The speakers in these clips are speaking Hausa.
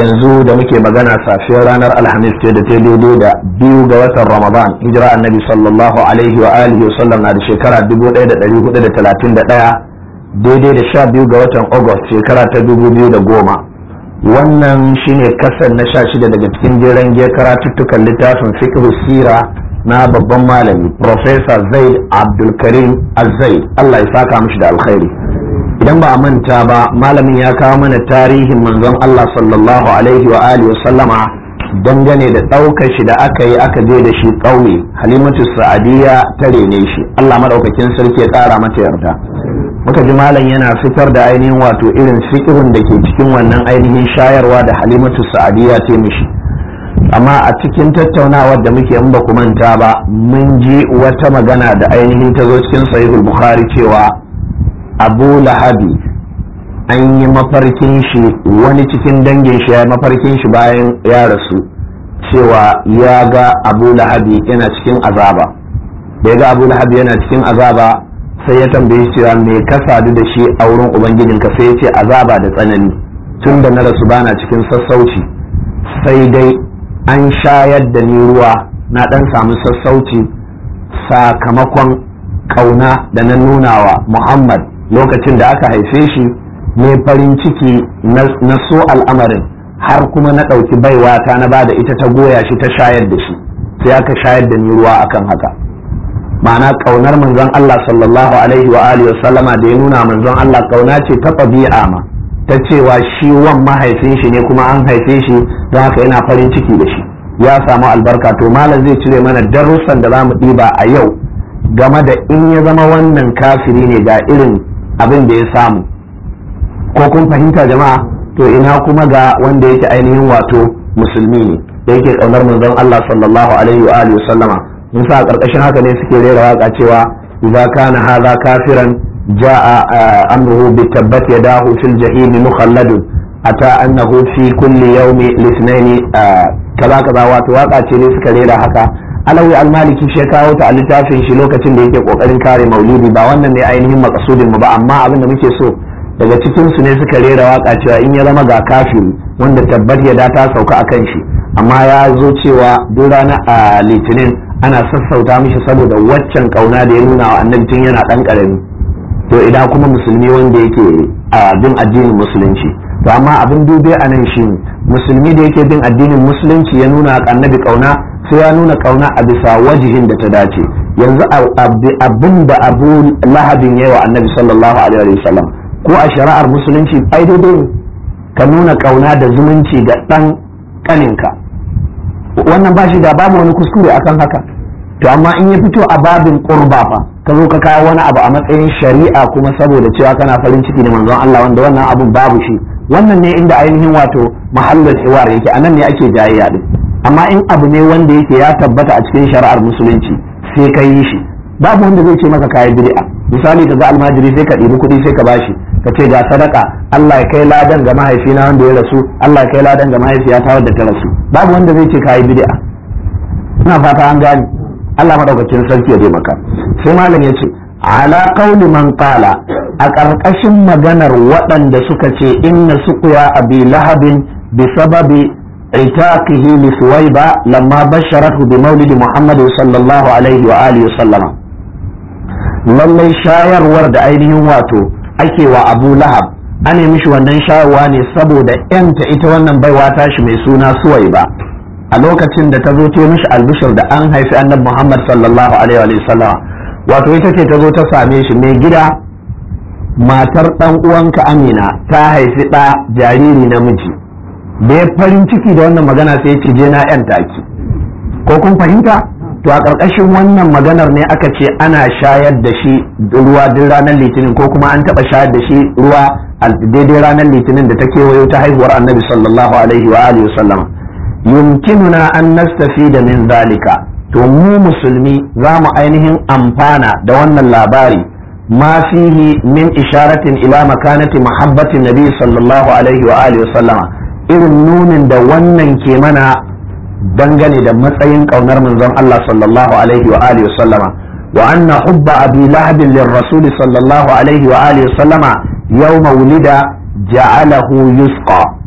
yanzu da muke magana safiyar ranar alhamis ce da ta daidai da biyu ga watan ramadan injira annabi sallallahu alaihi wa alihi wa sallam na da shekara 1431 daidai da sha biyu ga watan august shekara ta goma. wannan shine kasan na sha shida daga cikin jiran ge karatuttukan littafin fiqh sira na babban malami professor zaid abdulkarim azaid allah ya saka mishi da alkhairi idan ba a manta ba malamin ya kawo mana tarihin manzon Allah sallallahu alaihi wa alihi wa sallama dangane da ɗaukar shi da aka yi aka je da shi ƙauye halimatu sa'adiyya ta rene shi Allah madaukakin sarki ya tsara mata yarda muka ji malam yana fitar da ainihin wato irin fikirin da ke cikin wannan ainihin shayarwa da halimatu sa'adiyya ta mishi amma a cikin tattaunawar da muke in ba ku manta ba mun ji wata magana da ainihin ta zo cikin sahihul bukhari cewa abu lahabi an yi mafarkin shi wani cikin dangin shi ya mafarkin shi bayan ya rasu cewa ya ga abu lahabi yana cikin azaba da ya ga abu lahabi yana cikin azaba sai ya tambaye shi cewa me ka sadu da shi a wurin ubangijinka sai ya ce azaba da tsanani tun da na rasu bana cikin sassauci sai dai an shayar da ni ruwa na dan samu sassauci sakamakon kauna da na nunawa muhammad lokacin da aka haife shi mai farin ciki na so al'amarin har kuma na ɗauki baiwa ta na bada ita ta goya shi ta shayar da shi sai aka shayar da ni ruwa akan haka ma'ana ƙaunar manzon Allah sallallahu alaihi wa alihi wa da ya nuna manzon Allah ƙauna ce ta ɗabi'a ma ta cewa shi wan mahaifin shi ne kuma an haife shi don haka yana farin ciki da shi ya samu albarka to malam zai cire mana darussan da za mu ɗiba a yau game da in ya zama wannan kafiri ne ga irin abin da ya samu ko kun fahimta jama'a to ina kuma ga wanda yake ainihin wato musulmi ne da yake kaunar manzon Allah sallallahu alaihi wa alihi sallama musa a karkashin haka ne suke rera waka cewa idza kana hadha kafiran jaa eh, amruhu bi tabbat yadahu fil jahim mukhalladu ata annahu fi kulli yawmi lithnaini eh, kaza kaza wato waka ce ne suka rera haka alawi almaliki maliki ya kawo ta a littafin shi lokacin da yake kokarin kare maulidi ba wannan ne ainihin makasudin mu ba amma abinda muke so daga cikin su ne suka rera waka cewa in ya zama ga kafiri wanda tabbat ya data ta sauka akan shi amma ya zo cewa duk rana a litinin ana sassauta mishi saboda waccan kauna da ya nuna wa annan tun yana dan karami to idan kuma musulmi wanda yake a bin addinin musulunci to amma abin dubai a nan shi musulmi da yake bin addinin musulunci ya nuna annabi kauna sai ya nuna kauna a bisa wajihin da ta dace yanzu abin da abu lahabin yawa annabi sallallahu alaihi wa sallam ko a shari'ar musulunci ai daidai ka nuna kauna da zumunci ga dan kaninka wannan ba shi da babu wani kuskure akan haka to amma in ya fito a babin qurba fa ka zo ka kawo wani abu a matsayin shari'a kuma saboda cewa kana farin ciki da manzon Allah wanda wannan abu babu shi wannan ne inda ainihin wato mahallin hiwar yake anan ne ake jayayya din amma in abu ne wanda yake ya tabbata a cikin shari'ar musulunci sai ka yi shi babu wanda zai ce maka kayan bid'a misali ka ga almajiri sai ka ɗibi kuɗi sai ka bashi ka ce ga sadaka Allah ya kai ladan ga mahaifina wanda ya rasu Allah ya kai ladan ga mahaifiyata wadda ta rasu babu wanda zai ce kayan bid'a ina fata an gani, Allah madaukakin sarki ya je maka sai malam ya ce ala qawli man qala a ƙarƙashin maganar waɗanda suka ce inna suqya abi lahabin bi sababi itaqihi li suwaiba lamma basharatu bi maulidi muhammad sallallahu alaihi wa alihi sallama lallai shayarwar da ainihin wato ake wa abu lahab an yi mishi wannan shayarwa ne saboda yanta ita wannan baiwa tashi mai suna suwaiba a lokacin da ta zo ta mishi albishir da an haifi annabi muhammad sallallahu alaihi wa sallama wato ita ce ta zo ta same shi mai gida matar ɗan uwanka amina ta haifi ɗa jariri namiji da ya farin ciki da wannan magana sai ya ce je na yan taki ko kun fahimta to a ƙarƙashin wannan maganar ne aka ce ana shayar da shi ruwa duk ranar litinin ko kuma an taɓa shayar da shi ruwa daidai ranar litinin da ta kewayo ta haihuwar annabi sallallahu alaihi wa alihi yumkinuna an nastafi da min zalika to mu musulmi za mu ainihin amfana da wannan labari ma fihi min isharatin ila makanati mahabbatin nabi sallallahu alaihi wa alihi wasallama irin nunin da wannan ke mana dangane da matsayin kaunar manzon Allah sallallahu alaihi wa alihi wasallama wa anna hubba abi lahabin lirrasul sallallahu alaihi wa alihi wasallama yawma wulida ja'alahu yusqa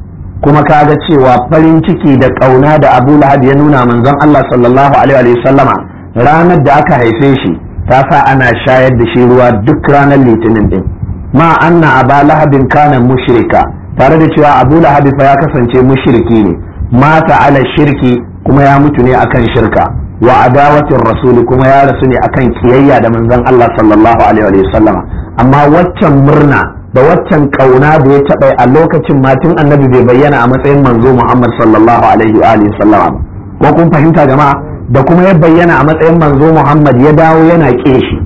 kuma ka ga cewa farin ciki da ƙauna da abu lahab ya nuna manzon Allah sallallahu alaihi wa sallama ranar da aka haife shi ta sa ana shayar da shi ruwa duk ranar litinin din ma anna aba lahabin kana mushrika tare da cewa abu lahab fa ya kasance mushriki ne mata ala shirki kuma ya mutu ne akan shirka wa adawatin rasuli kuma ya rasu ne akan kiyayya da manzon Allah sallallahu alaihi wa sallama amma waccan murna da waccan kauna da ya taɓa a lokacin matin annabi bai bayyana a matsayin manzo Muhammad sallallahu alaihi wa alihi sallama ko kun fahimta jama'a da kuma ya bayyana a matsayin manzo Muhammad ya dawo yana keshi.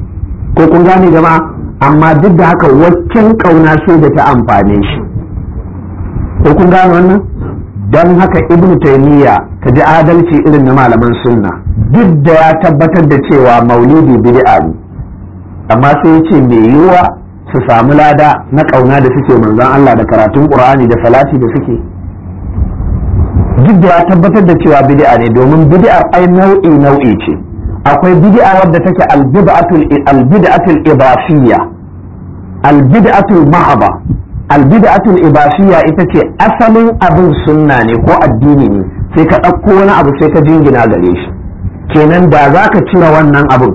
ko kun gane jama'a amma duk da haka waccan kauna sai da ta amfane shi ko kun gane wannan don haka ibnu taymiya ta ji adalci irin na malaman sunna duk da ya tabbatar da cewa maulidi bid'a ne amma sai ya ce me yiwa su samu lada na ƙauna da suke manzon Allah da karatun Qur'ani da salati da suke duk da ya tabbatar da cewa bid'a ne domin bid'a ai nau'i nau'i ce akwai bid'a wadda take al-bid'atul al-bid'atul ibafiyya al mahaba al-bid'atul ibafiyya ita ce asalin abin sunna ne ko addini ne sai ka ɗauko wani abu sai ka jingina gare shi kenan da za ka cire wannan abin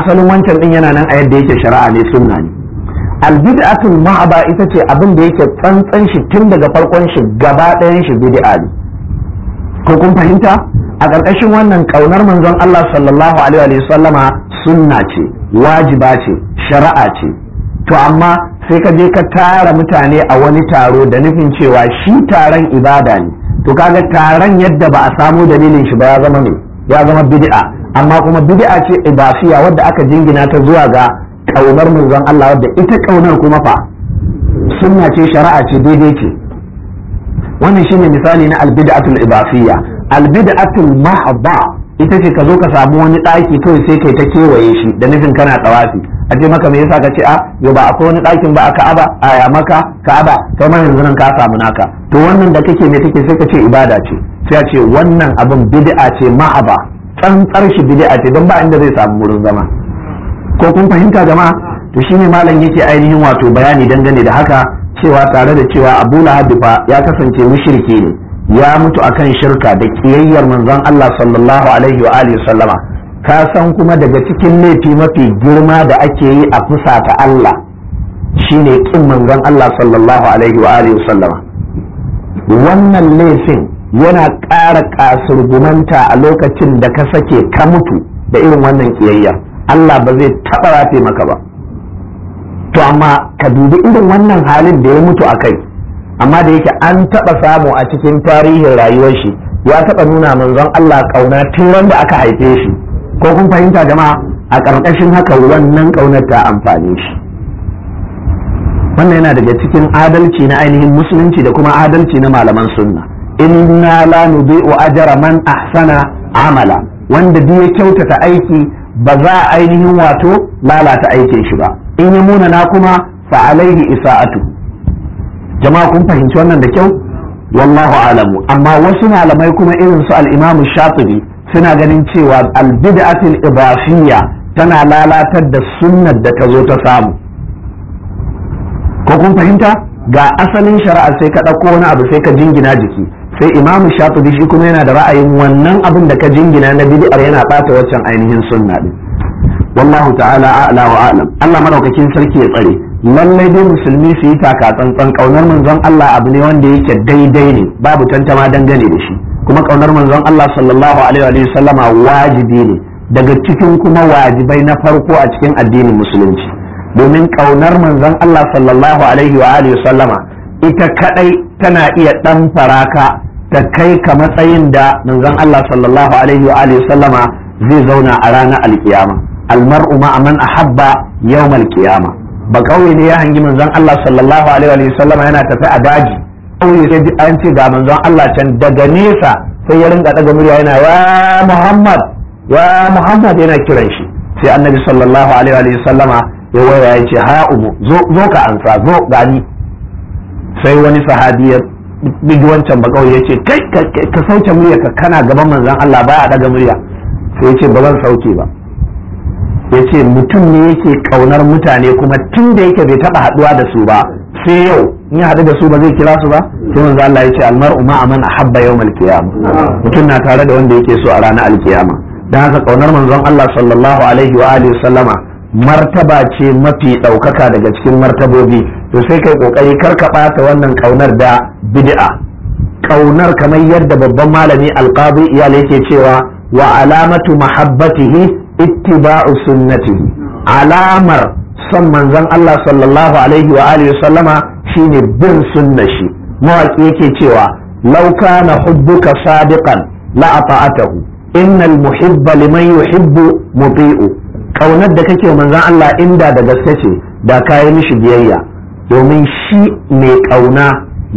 asalin wancan din yana nan a yadda yake shari'a ne sunna ne albid'atul ma'aba ita ce abin da yake tsantsan shi tun daga farkon shi gaba ɗayan shi bid'a ne ko kun fahimta a ƙarƙashin wannan ƙaunar manzon Allah sallallahu alaihi wa sallama sunna ce wajiba ce shari'a ce to amma sai ka je ka tara mutane a wani taro da nufin cewa shi taron ibada ne to kaga taron yadda ba a samu dalilin shi ba ya zama ne ya zama bid'a amma kuma bid'a ce ibasiya wadda aka jingina ta zuwa ga kaunar manzon Allah wadda ita kaunar kuma fa sunna ce shari'a ce daidai ce wannan shine misali na albid'atul ibafiyya albid'atul mahdha ita ce ka zo ka samu wani daki kawai sai kai ta kewaye shi da nufin kana tsawafi a ce maka me yasa ka ce a ah, yo ba akwai wani ɗakin ba a Ka'aba a ya maka Ka'aba kai ma yanzu nan ka samu naka to wannan da kake me kake sai ka ce ibada ce sai a ce wannan abin bid'a ce ma'aba tsantsar shi bid'a ce don ba inda zai samu wurin zama ko kun fahimta jama'a to shine malam yake ainihin wato bayani dangane da haka cewa tare da cewa Abu Lahab fa ya kasance mushriki ne ya mutu akan shirka da kiyayyar manzon Allah sallallahu alaihi wa alihi sallama ka san kuma daga cikin laifi mafi girma da ake yi a fusata Allah shine kin manzon Allah sallallahu alaihi wa alihi sallama wannan laifin yana ƙara kasurgumanta a lokacin da ka sake ka mutu da irin wannan kiyayya Allah ba zai taɓa rafe maka ba to amma ka dubi irin wannan halin da ya mutu a kai amma da yake an taɓa samu a cikin tarihin rayuwar shi ya taɓa nuna manzon Allah ƙauna tun wanda aka haife shi ko kun fahimta jama'a a ƙarƙashin haka wannan ƙaunar ta amfane shi wannan yana daga cikin adalci na ainihin musulunci da kuma adalci na malaman sunna inna la nudi'u ajra man ahsana amala wanda duk ya kyautata aiki ba za a ainihin wato lalata aikin shi ba in ya munana kuma fa alaihi isa'atu jama'a kun fahimci wannan da kyau wallahu alamu amma wasu malamai kuma irin su al-imam suna ganin cewa al-bid'atul tana lalatar da sunnar da ta zo ta samu ko kun fahimta ga asalin shari'a sai ka ɗauko wani abu sai ka jingina jiki sai imamu shafi shi kuma yana da ra'ayin wannan abin da ka jingina na bid'ar yana bata waccan ainihin sunna din wallahu ta'ala a'la wa a'lam Allah madaukakin sarki ya tsare lallai dai musulmi su yi taka tsantsan kaunar manzon Allah abu ne wanda yake daidai ne babu tantama dangane da shi kuma kaunar manzon Allah sallallahu alaihi wa sallama wajibi ne daga cikin kuma wajibai na farko a cikin addinin musulunci domin kaunar manzon Allah sallallahu alaihi wa sallama ita kadai tana iya ɗan faraka ta kai ka matsayin da manzon Allah sallallahu alaihi wa alihi sallama zai zauna a ranar alkiyama almar'u ma man ahabba yawm alkiyama ba kauye ne ya hangi manzon Allah sallallahu alaihi wa sallama yana tafi a daji kauye sai an ce ga manzon Allah can daga nesa sai ya rinka daga murya yana wa Muhammad wa Muhammad yana kiran shi sai annabi sallallahu alaihi wa sallama ya waya ya ce ha umu zo ka ansa zo gani sai wani sahabi bigi wancan ba kawai yace kai ka sauke murya ka kana gaban manzon Allah baya daga murya sai yace ba zan sauke ba yace mutum ne yake kaunar mutane kuma tun da yake bai taba haduwa da su ba sai yau in ya haɗu da su ba zai kira su ba sai manzon Allah yace almar'u ma man ahabba yawmal qiyamah mutum na tare da wanda yake so a ranar alkiyama dan haka kaunar manzon Allah sallallahu alaihi wa alihi wasallama martaba ce mafi ɗaukaka daga cikin martabobi to sai kai ƙoƙari kar ka ɓata wannan ƙaunar da bid'a ƙaunar kamar yadda babban malami alqabi iyali yake cewa wa alamatu mahabbatihi ittiba'u sunnatihi alamar son manzon Allah sallallahu alaihi wa alihi sallama shine bin sunnashi shi mawaki yake cewa law kana hubbuka sadiqan la ata'atahu innal muhibba liman yuhibbu muti'u kaunar da kake manzon Allah inda da gaske ce da kayi mishi biyayya domin shi mai kauna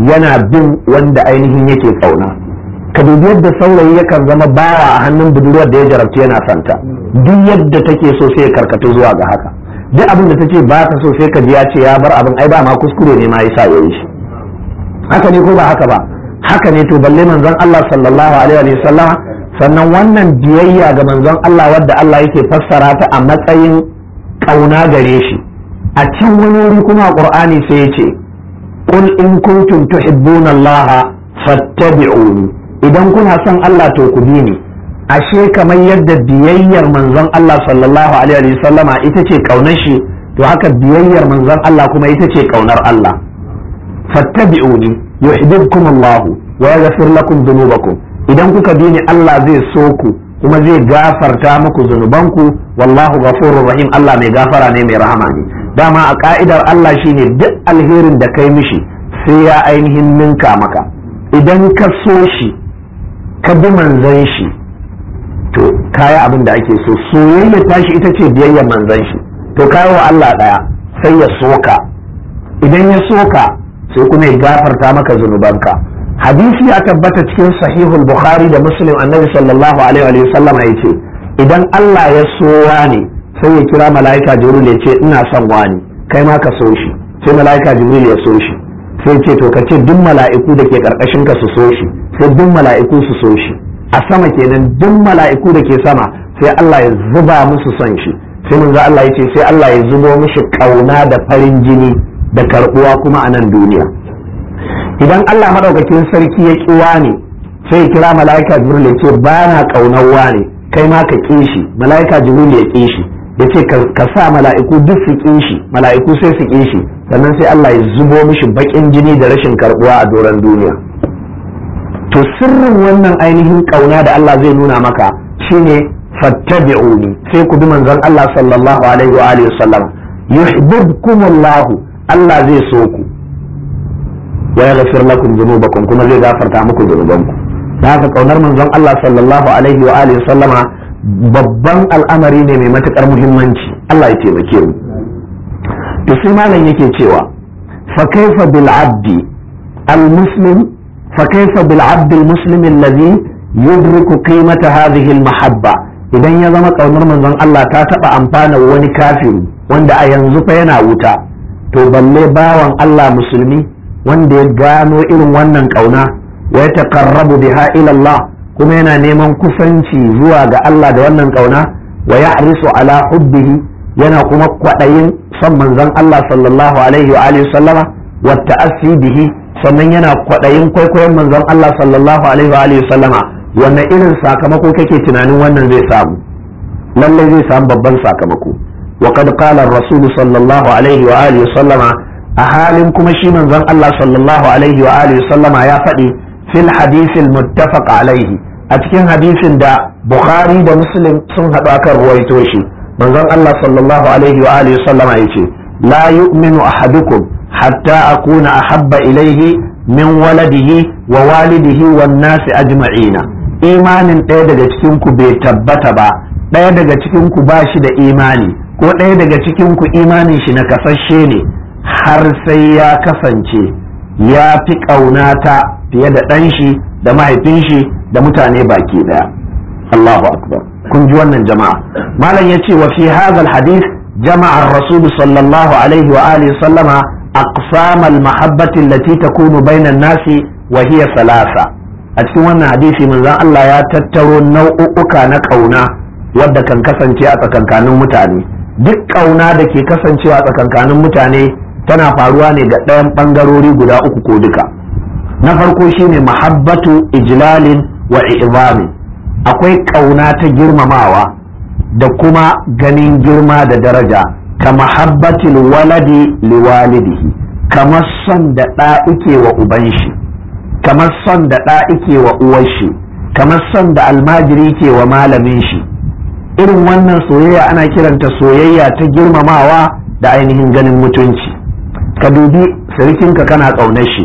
yana bin wanda ainihin yake kauna ka dubi yadda saurayi yakan zama baya a hannun budurwar da ya jarabta yana santa duk yadda take so sai ya karkatu zuwa ga haka duk abin da take ba ta so sai ka ji ya ce ya bar abin ai ba ma kuskure ne ma yasa yayi shi haka ne ko ba haka ba haka ne to balle manzon Allah sallallahu alaihi wa sannan wannan biyayya ga manzon Allah wadda Allah yake fassara ta a matsayin kauna gare shi a cikin wani wuri kuma qur'ani sai ya ce qul in kuntum tuhibbuna Allah fattabi'uni idan kuna son Allah to ku bi ni ashe kamar yadda biyayyar manzon Allah sallallahu alaihi sallama ita ce kaunar shi to haka biyayyar manzon Allah kuma ita ce kaunar Allah fattabi'uni yuhibbukum Allah wa yaghfir lakum dhunubakum idan kuka bi ni Allah zai so ku kuma zai gafarta muku zunubanku wallahu ghafurur rahim Allah mai gafara ne mai rahama ne dama a ka'idar Allah shine duk alherin da kai mishi sai ya ainihin ninka maka idan ka so shi ka bi manzan shi to kaya abin da ake so soyayya tashi ita ce biyayyar manzan shi to kaya wa Allah daya sai ya soka idan ya soka sai kuma ya gafarta maka zunubanka hadisi ya tabbata cikin sahihul bukhari da muslim annabi sallallahu alaihi wa sallam ya ce idan Allah ya so wani sai ya kira mala'ika jibril ya ce ina son wani kai ma ka so shi sai mala'ika jibril ya so shi sai ce to kace ce duk mala'iku da ke karkashin ka su so shi sai duk mala'iku su so shi a sama kenan duk mala'iku da ke sama sai Allah ya zuba musu son shi sai manzo Allah ya ce sai Allah ya zubo mishi kauna da farin jini da karbuwa kuma a nan duniya idan Allah madaukakin sarki ya ki wane sai kira mala'ika jibril ya ce ba na kaunar wane kai ma ka ƙi shi mala'ika jibril ya ƙi shi ya ce ka sa mala'iku duk su ƙi shi mala'iku sai su ƙi shi sannan sai Allah ya zubo mishi baƙin jini da rashin karbuwa a doron duniya to sirrin wannan ainihin ƙauna da Allah zai nuna maka shine fattabi'uni sai ku bi manzon Allah sallallahu alaihi wa alihi wasallam yuhibbukumullahu Allah zai so ku wa yaghfir lakum dhunubakum kuma zai gafarta muku dhunubanku da haka kaunar manzon Allah sallallahu alaihi wa alihi sallama babban al'amari ne mai matukar muhimmanci Allah ya taimake mu to sai malam yake cewa fa kaifa bil abdi al muslim fa kaifa bil abdi al muslim alladhi yudriku qimata hadhihi al mahabba idan ya zama kaunar manzon Allah ta taba amfana wani kafiri wanda a yanzu fa yana wuta to balle bawan Allah musulmi wanda ya gano irin wannan kauna wai ya taqarrabu biha ila Allah kuma yana neman kusanci zuwa ga Allah da wannan kauna wa ya'risu ala hubbihi yana kuma kwaɗayin son manzon Allah sallallahu alaihi wa alihi sallama wa ta'assi bihi sannan yana kwaɗayin kwaikwayon manzon Allah sallallahu alaihi wa alihi sallama wanne irin sakamako kake tunanin wannan zai samu lallai zai samu babban sakamako wa qad qala ar-rasul sallallahu alaihi wa sallama a halin kuma shi manzon Allah sallallahu alaihi wa alihi sallama ya faɗi fil hadisil muttafaq alaihi a cikin hadisin da Bukhari da Muslim sun haɗu kan ruwaito shi manzon Allah sallallahu alaihi wa alihi sallama yace la yu'minu ahadukum hatta akuna ahabba ilaihi min waladihi wa walidihi wan nasi ajma'ina imanin ɗaya daga cikin ku bai tabbata ba ɗaya daga cikin ku ba shi da imani ko ɗaya daga cikin ku imanin shi na kasashe ne har sai ya kasance ya fi ƙaunata fiye da ɗan shi da mahaifin shi da mutane baki ɗaya Allahu akbar kun ji wannan jama'a malam ya ce wa fi hadha hadith jama'ar rasul sallallahu alaihi wa alihi sallama aqsam al mahabbati allati takunu bayna nasi wa hiya salasa a cikin wannan hadisi manzon Allah ya tattaro nau'uka na ƙauna wadda kan kasance a tsakankanin mutane duk ƙauna da ke kasancewa a tsakankanin mutane tana faruwa ne ga ɗayan ɓangarori guda uku ko duka na farko shine mahabbatu ijlalin wa i'zamin akwai ƙauna ta girmamawa da kuma ganin girma da daraja ka mahabbatil waladi liwalidihi kamar son da ɗa ike wa uban shi kamar son da ɗa ike wa uwar shi kamar son da almajiri ke wa malamin shi irin wannan soyayya ana kiranta soyayya ta girmamawa da ainihin ganin mutunci ka dubi sirikinka kana ƙaunar shi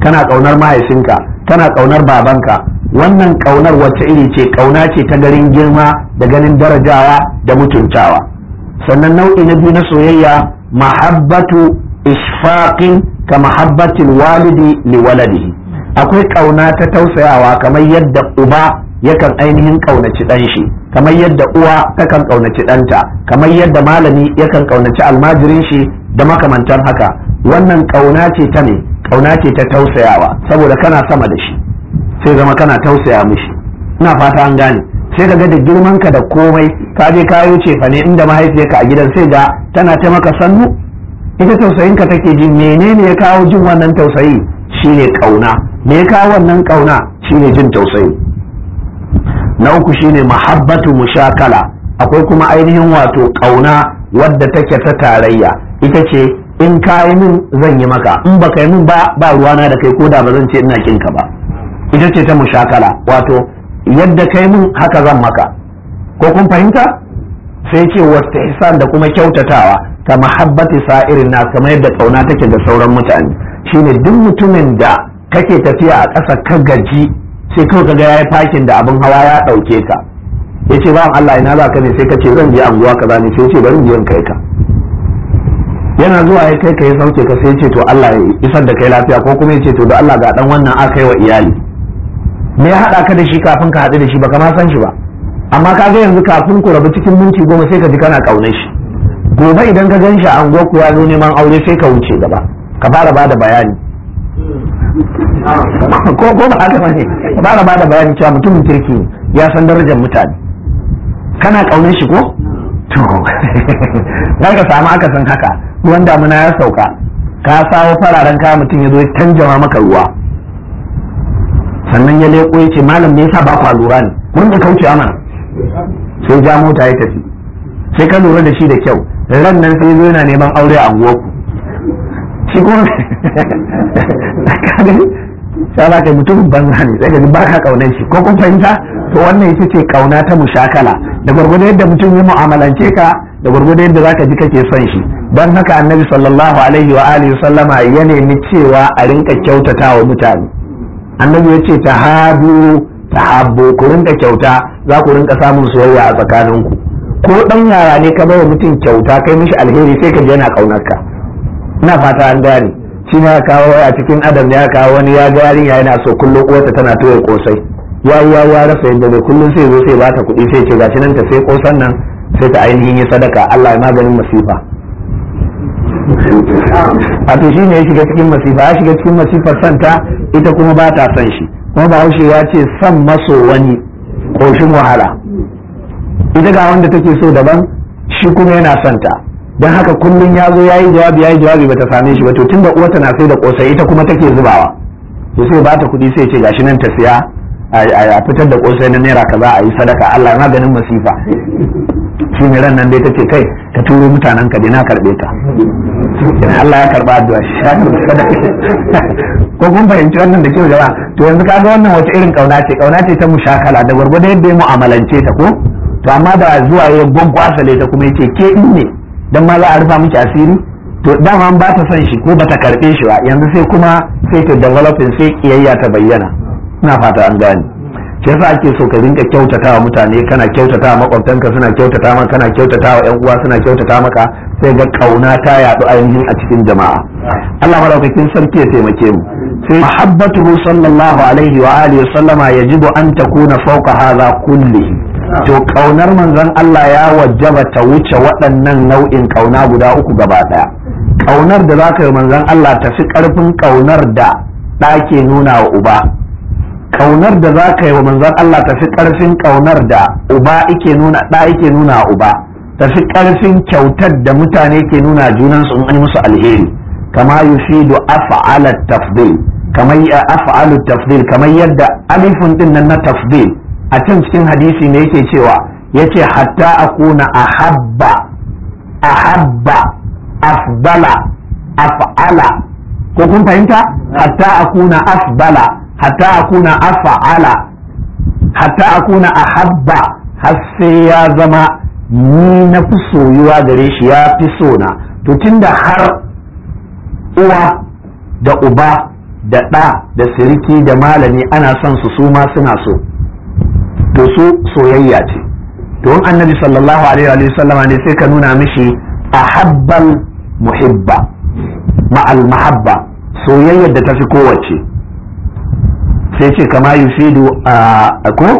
kana ƙaunar mahaifinka kana ƙaunar babanka wannan ƙaunar wacce iri ce ƙauna ce ta garin girma da ganin darajawa da mutuntawa sannan nau'i na biyu na soyayya mahabbatu ishfaqin ka mahabbatil walidi li waladihi akwai ƙauna ta tausayawa kamar yadda uba yakan ainihin ƙaunaci dan shi kamar yadda uwa takan ƙaunaci danta kamar yadda malami yakan ƙaunaci almajirin shi da makamantan haka wannan kauna ce ta ne kauna ce ta tausayawa saboda kana sama da shi sai zama kana tausaya mishi ina fata an gane sai ka ga da girman ka da komai ka je ka yi cefa ne inda mahaifiyarka a gidan sai ga tana ta maka sannu ita tausayin ka take ji menene ya kawo jin wannan tausayi shine kauna me ya kawo wannan kauna shine jin tausayi na uku shine mahabbatu mushakala akwai kuma ainihin wato ƙauna wadda take ta tarayya ita ce in ka yi min zan yi maka in baka yi min ba ba na da kai ko da ba zan ce ina kinka ba ita ce ta mushakala wato yadda kai min haka zan maka ko kun fahimta sai ce wata ihsan da kuma kyautatawa ta mahabbati sa'irin na kamar yadda kauna take da sauran mutane shine duk mutumin da kake tafiya a ƙasa ka gaji sai kawai kaga yayi fakin da abin hawa ya ɗauke ka yace ba Allah ina za ka ne sai ka ce zan je anguwa kaza ne sai ce bari in je in kai ka yana zuwa ya kai ka yi sauke ka sai ce to Allah ya isar da kai lafiya ko kuma ya ce to da Allah ga dan wannan aka yi wa iyali me ya haɗa ka da shi kafin ka haɗu da shi baka ma san shi ba amma ka ga yanzu kafin ku rabu cikin minti goma sai ka ji kana ƙaunar shi gobe idan ka gan shi a unguwar ku ya zo neman aure sai ka wuce gaba ka fara ba da bayani ko ko ba haka bane ka fara ba da bayani cewa mutumin kirki ya san darajar mutane kana ƙaunar shi ko to za ka samu akasin haka ruwan damuna ya sauka ka samu fararen kaya mutum ya zo ya canja maka ruwa sannan ya leko ya ce malam me yasa ba ku lura ne mun da kauce mana sai ja mota ya tafi sai ka lura da shi da kyau ran nan sai zo yana neman aure a unguwarku shi kuma sai yi mutumin banza ne sai ka ba ka kaunar shi ko kun fahimta to wannan ita ce kauna ta mushakala da gwargwadon yadda mutum ya mu'amalance ka da gwargwadon yadda zaka ji kake son shi don haka annabi sallallahu alaihi wa alihi sallama ya nemi cewa a rinka kyautata wa mutane annabi ya ce tahabu tahabu ku rinka kyauta za ku rinka samun soyayya a tsakaninku ko dan yara ne ka bawa mutum kyauta kai mishi alheri sai ka ji yana kaunarka ina fata an gane shi ya kawo a cikin adam ya kawo wani ya ga yarinya yana so kullum uwarsa tana toye kosai wawa wa rasa yadda da kullum sai zo sai bata kuɗi sai ce gashi nan ta sai kosan nan sai ta ainihin yi sadaka Allah ya maganin masifa a to shine ya shiga cikin masifa ya shiga cikin masifar santa ita kuma ba ta san shi kuma haushe ya ce san maso wani koshin wahala ita ga wanda take so daban shi kuma yana santa don haka kullum ya zo ya yi jawabi ya yi jawabi bata same shi ba to da uwa tana sai da kosai ita kuma take zubawa to sai ba ta kuɗi sai ce gashi nan ta siya a fitar da kosai na naira kaza a yi sadaka Allah na ganin masifa shi ne ran nan dai tace kai ka turo mutanen ka na karbe ta Allah ya karba addu'a shi ya karba sadaka ko kun fahimci wannan da kyau jama'a to yanzu kaga wannan wace irin kauna ce kauna ce ta mushakala da gurgurda yadda ya mu'amalance ta ko to amma da zuwa ya gwagwasale ta kuma yace ke din ne dan ma za a rufa miki asiri to dama ba ta son shi ko ba ta karbe shi ba yanzu sai kuma sai ta developing sai kiyayya ta bayyana ina fata an gane ke sa ake so ka rinka kyautata wa mutane kana kyautata wa makwabtanka suna kyautata maka kana kyautata wa yan uwa suna kyautata maka sai ga kauna ta yadu ainihin a cikin jama'a Allah madaukakin sarki ya taimake mu sai mahabbatuhu sallallahu alaihi wa alihi wa sallama yajibu an takuna fawqa hadha kulli to kaunar manzon Allah ya wajaba ta wuce waɗannan nau'in kauna guda uku gaba daya kaunar da zaka yi manzon Allah tafi karfin kaunar da ɗake nuna wa uba kaunar da za ka yi wa manzon Allah tafi karfin kaunar da uba ike nuna ɗa ike nuna uba tafi karfin kyautar da mutane ke nuna junansu in an musu alheri kama yufidu af'ala tafdil kamar af'alu tafdil kamar yadda alifun din na tafdil a can cikin hadisi ne yake cewa yace hatta akuna ahabba ahabba afdala af'ala ko kun fahimta hatta akuna afdala hatta akuna afa'ala hatta akuna ahabba har sai ya zama ni na fi soyuwa gare shi ya fi sona to tunda har uwa da uba da ɗa da siriki da malami ana son su su ma suna so to su soyayya ce to in annabi sallallahu alaihi wa sallama ne sai ka nuna mishi ahabbal muhibba ma'al mahabba soyayyar da ta fi kowace sai ce kama yufidu ko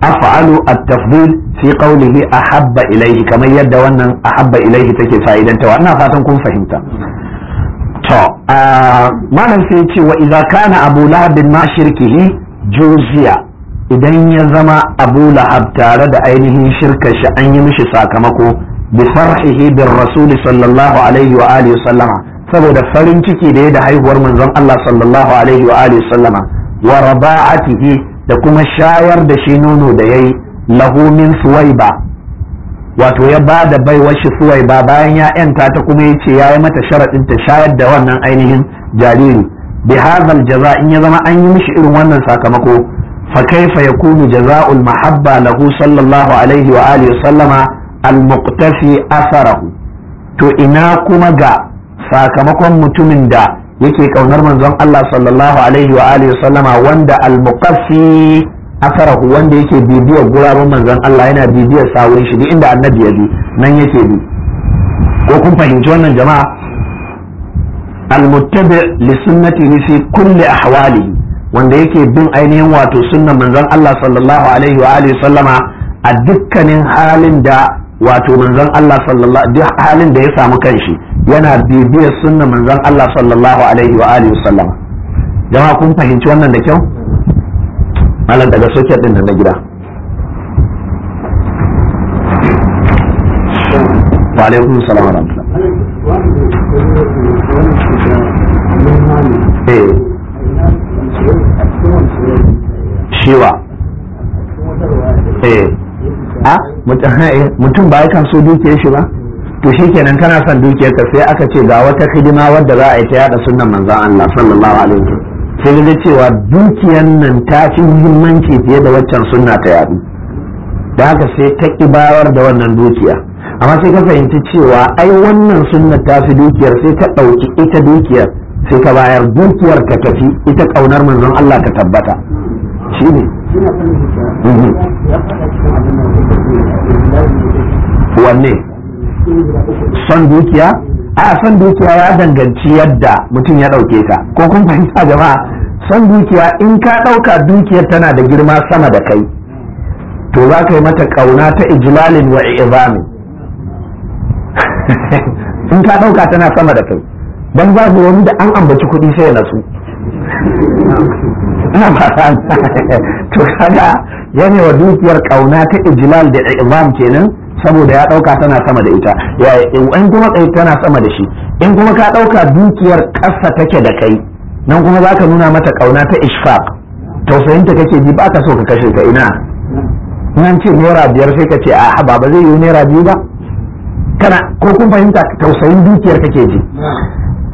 af'alu at-tafdil fi qawlihi ahabba ilayhi kamar yadda wannan ahabba ilayhi take wa ina fatan kun fahimta to malam sai ce wa idza kana abu lahabin ma shirkihi juziya idan ya zama abu lahab tare da ainihin shirka shi an yi mishi sakamako bi farhihi bir rasul sallallahu alaihi wa alihi sallama saboda farin ciki da ya da haihuwar manzon Allah sallallahu alaihi wa alihi sallama wa raba'atihi da kuma shayar da shi nono da yayi lahu min suwaiba wato ya ba da baiwar shi suwaiba bayan ya yanta ta kuma ya ce ya yi mata sharaɗin ta shayar da wannan ainihin jariri bi hazal jaza in ya zama an yi mishi irin wannan sakamako fa kaifa yakunu jaza'ul mahabba lahu sallallahu alaihi wa alihi wa sallama al-muqtafi asarahu to ina kuma ga sakamakon mutumin da yake kaunar manzon Allah sallallahu alaihi wa alihi sallama wanda al-muqaffi asarahu wanda yake bibiyar gurabun manzon Allah yana bibiyar sawun shi duk inda annabi ya bi nan yake bi ko kun fahimci wannan jama'a al-muttabi li sunnatihi fi kulli ahwalihi wanda yake bin ainihin wato sunnan manzon Allah sallallahu alaihi wa alihi sallama a dukkanin halin da wato manzon Allah sallallahu duk halin da ya samu kanshi yana bibiyar sunna manzon Allah sallallahu alaihi wa alihi wasallam jama'a kun fahimci wannan da kyau malam daga soket din na gida wa alaikum salam wa eh. shiwa eh a ah, eh, mutum ba ya kan so dukiyar shi ba to kenan kana son dukiyarka sai aka ce ga wata hidima wadda za a yi ta yada sunan manzon Allah sallallahu alaihi wasallam sai da cewa dukiyar nan ta fi muhimmanci fiye da waccan sunna ta yadu da haka sai ta ibawar da wannan dukiya amma sai ka fahimci cewa ai wannan sunna ta fi dukiyar sai ka ɗauki ita dukiyar sai ka bayar dukiyar ka tafi ita ƙaunar manzon Allah ka tabbata shi ne mhm. wanne son dukiya a son dukiya ya danganci yadda mutum ya ɗauke ka, ko kun fahimta jama'a son dukiya in ka ɗauka dukiyar tana da girma sama da kai to za ka yi mata ƙauna ta ijlalin wa izamin in ka ɗauka tana sama da kai don za ku wani da an ambaci kuɗi sai na su to kaga yana wa dukiyar ƙauna ta ijlal da izam kenan saboda ya ɗauka tana sama da ita ya in kuma tsaye tana sama da shi in kuma ka ɗauka dukiyar ƙasa take da kai nan kuma za ka nuna mata kauna ta ishfaq tausayinta kake ji ba ka so ka kashe ka ina nan ce naira biyar sai ka ce a ba ba zai yi naira biyu ba kana ko kun fahimta tausayin dukiyar kake ji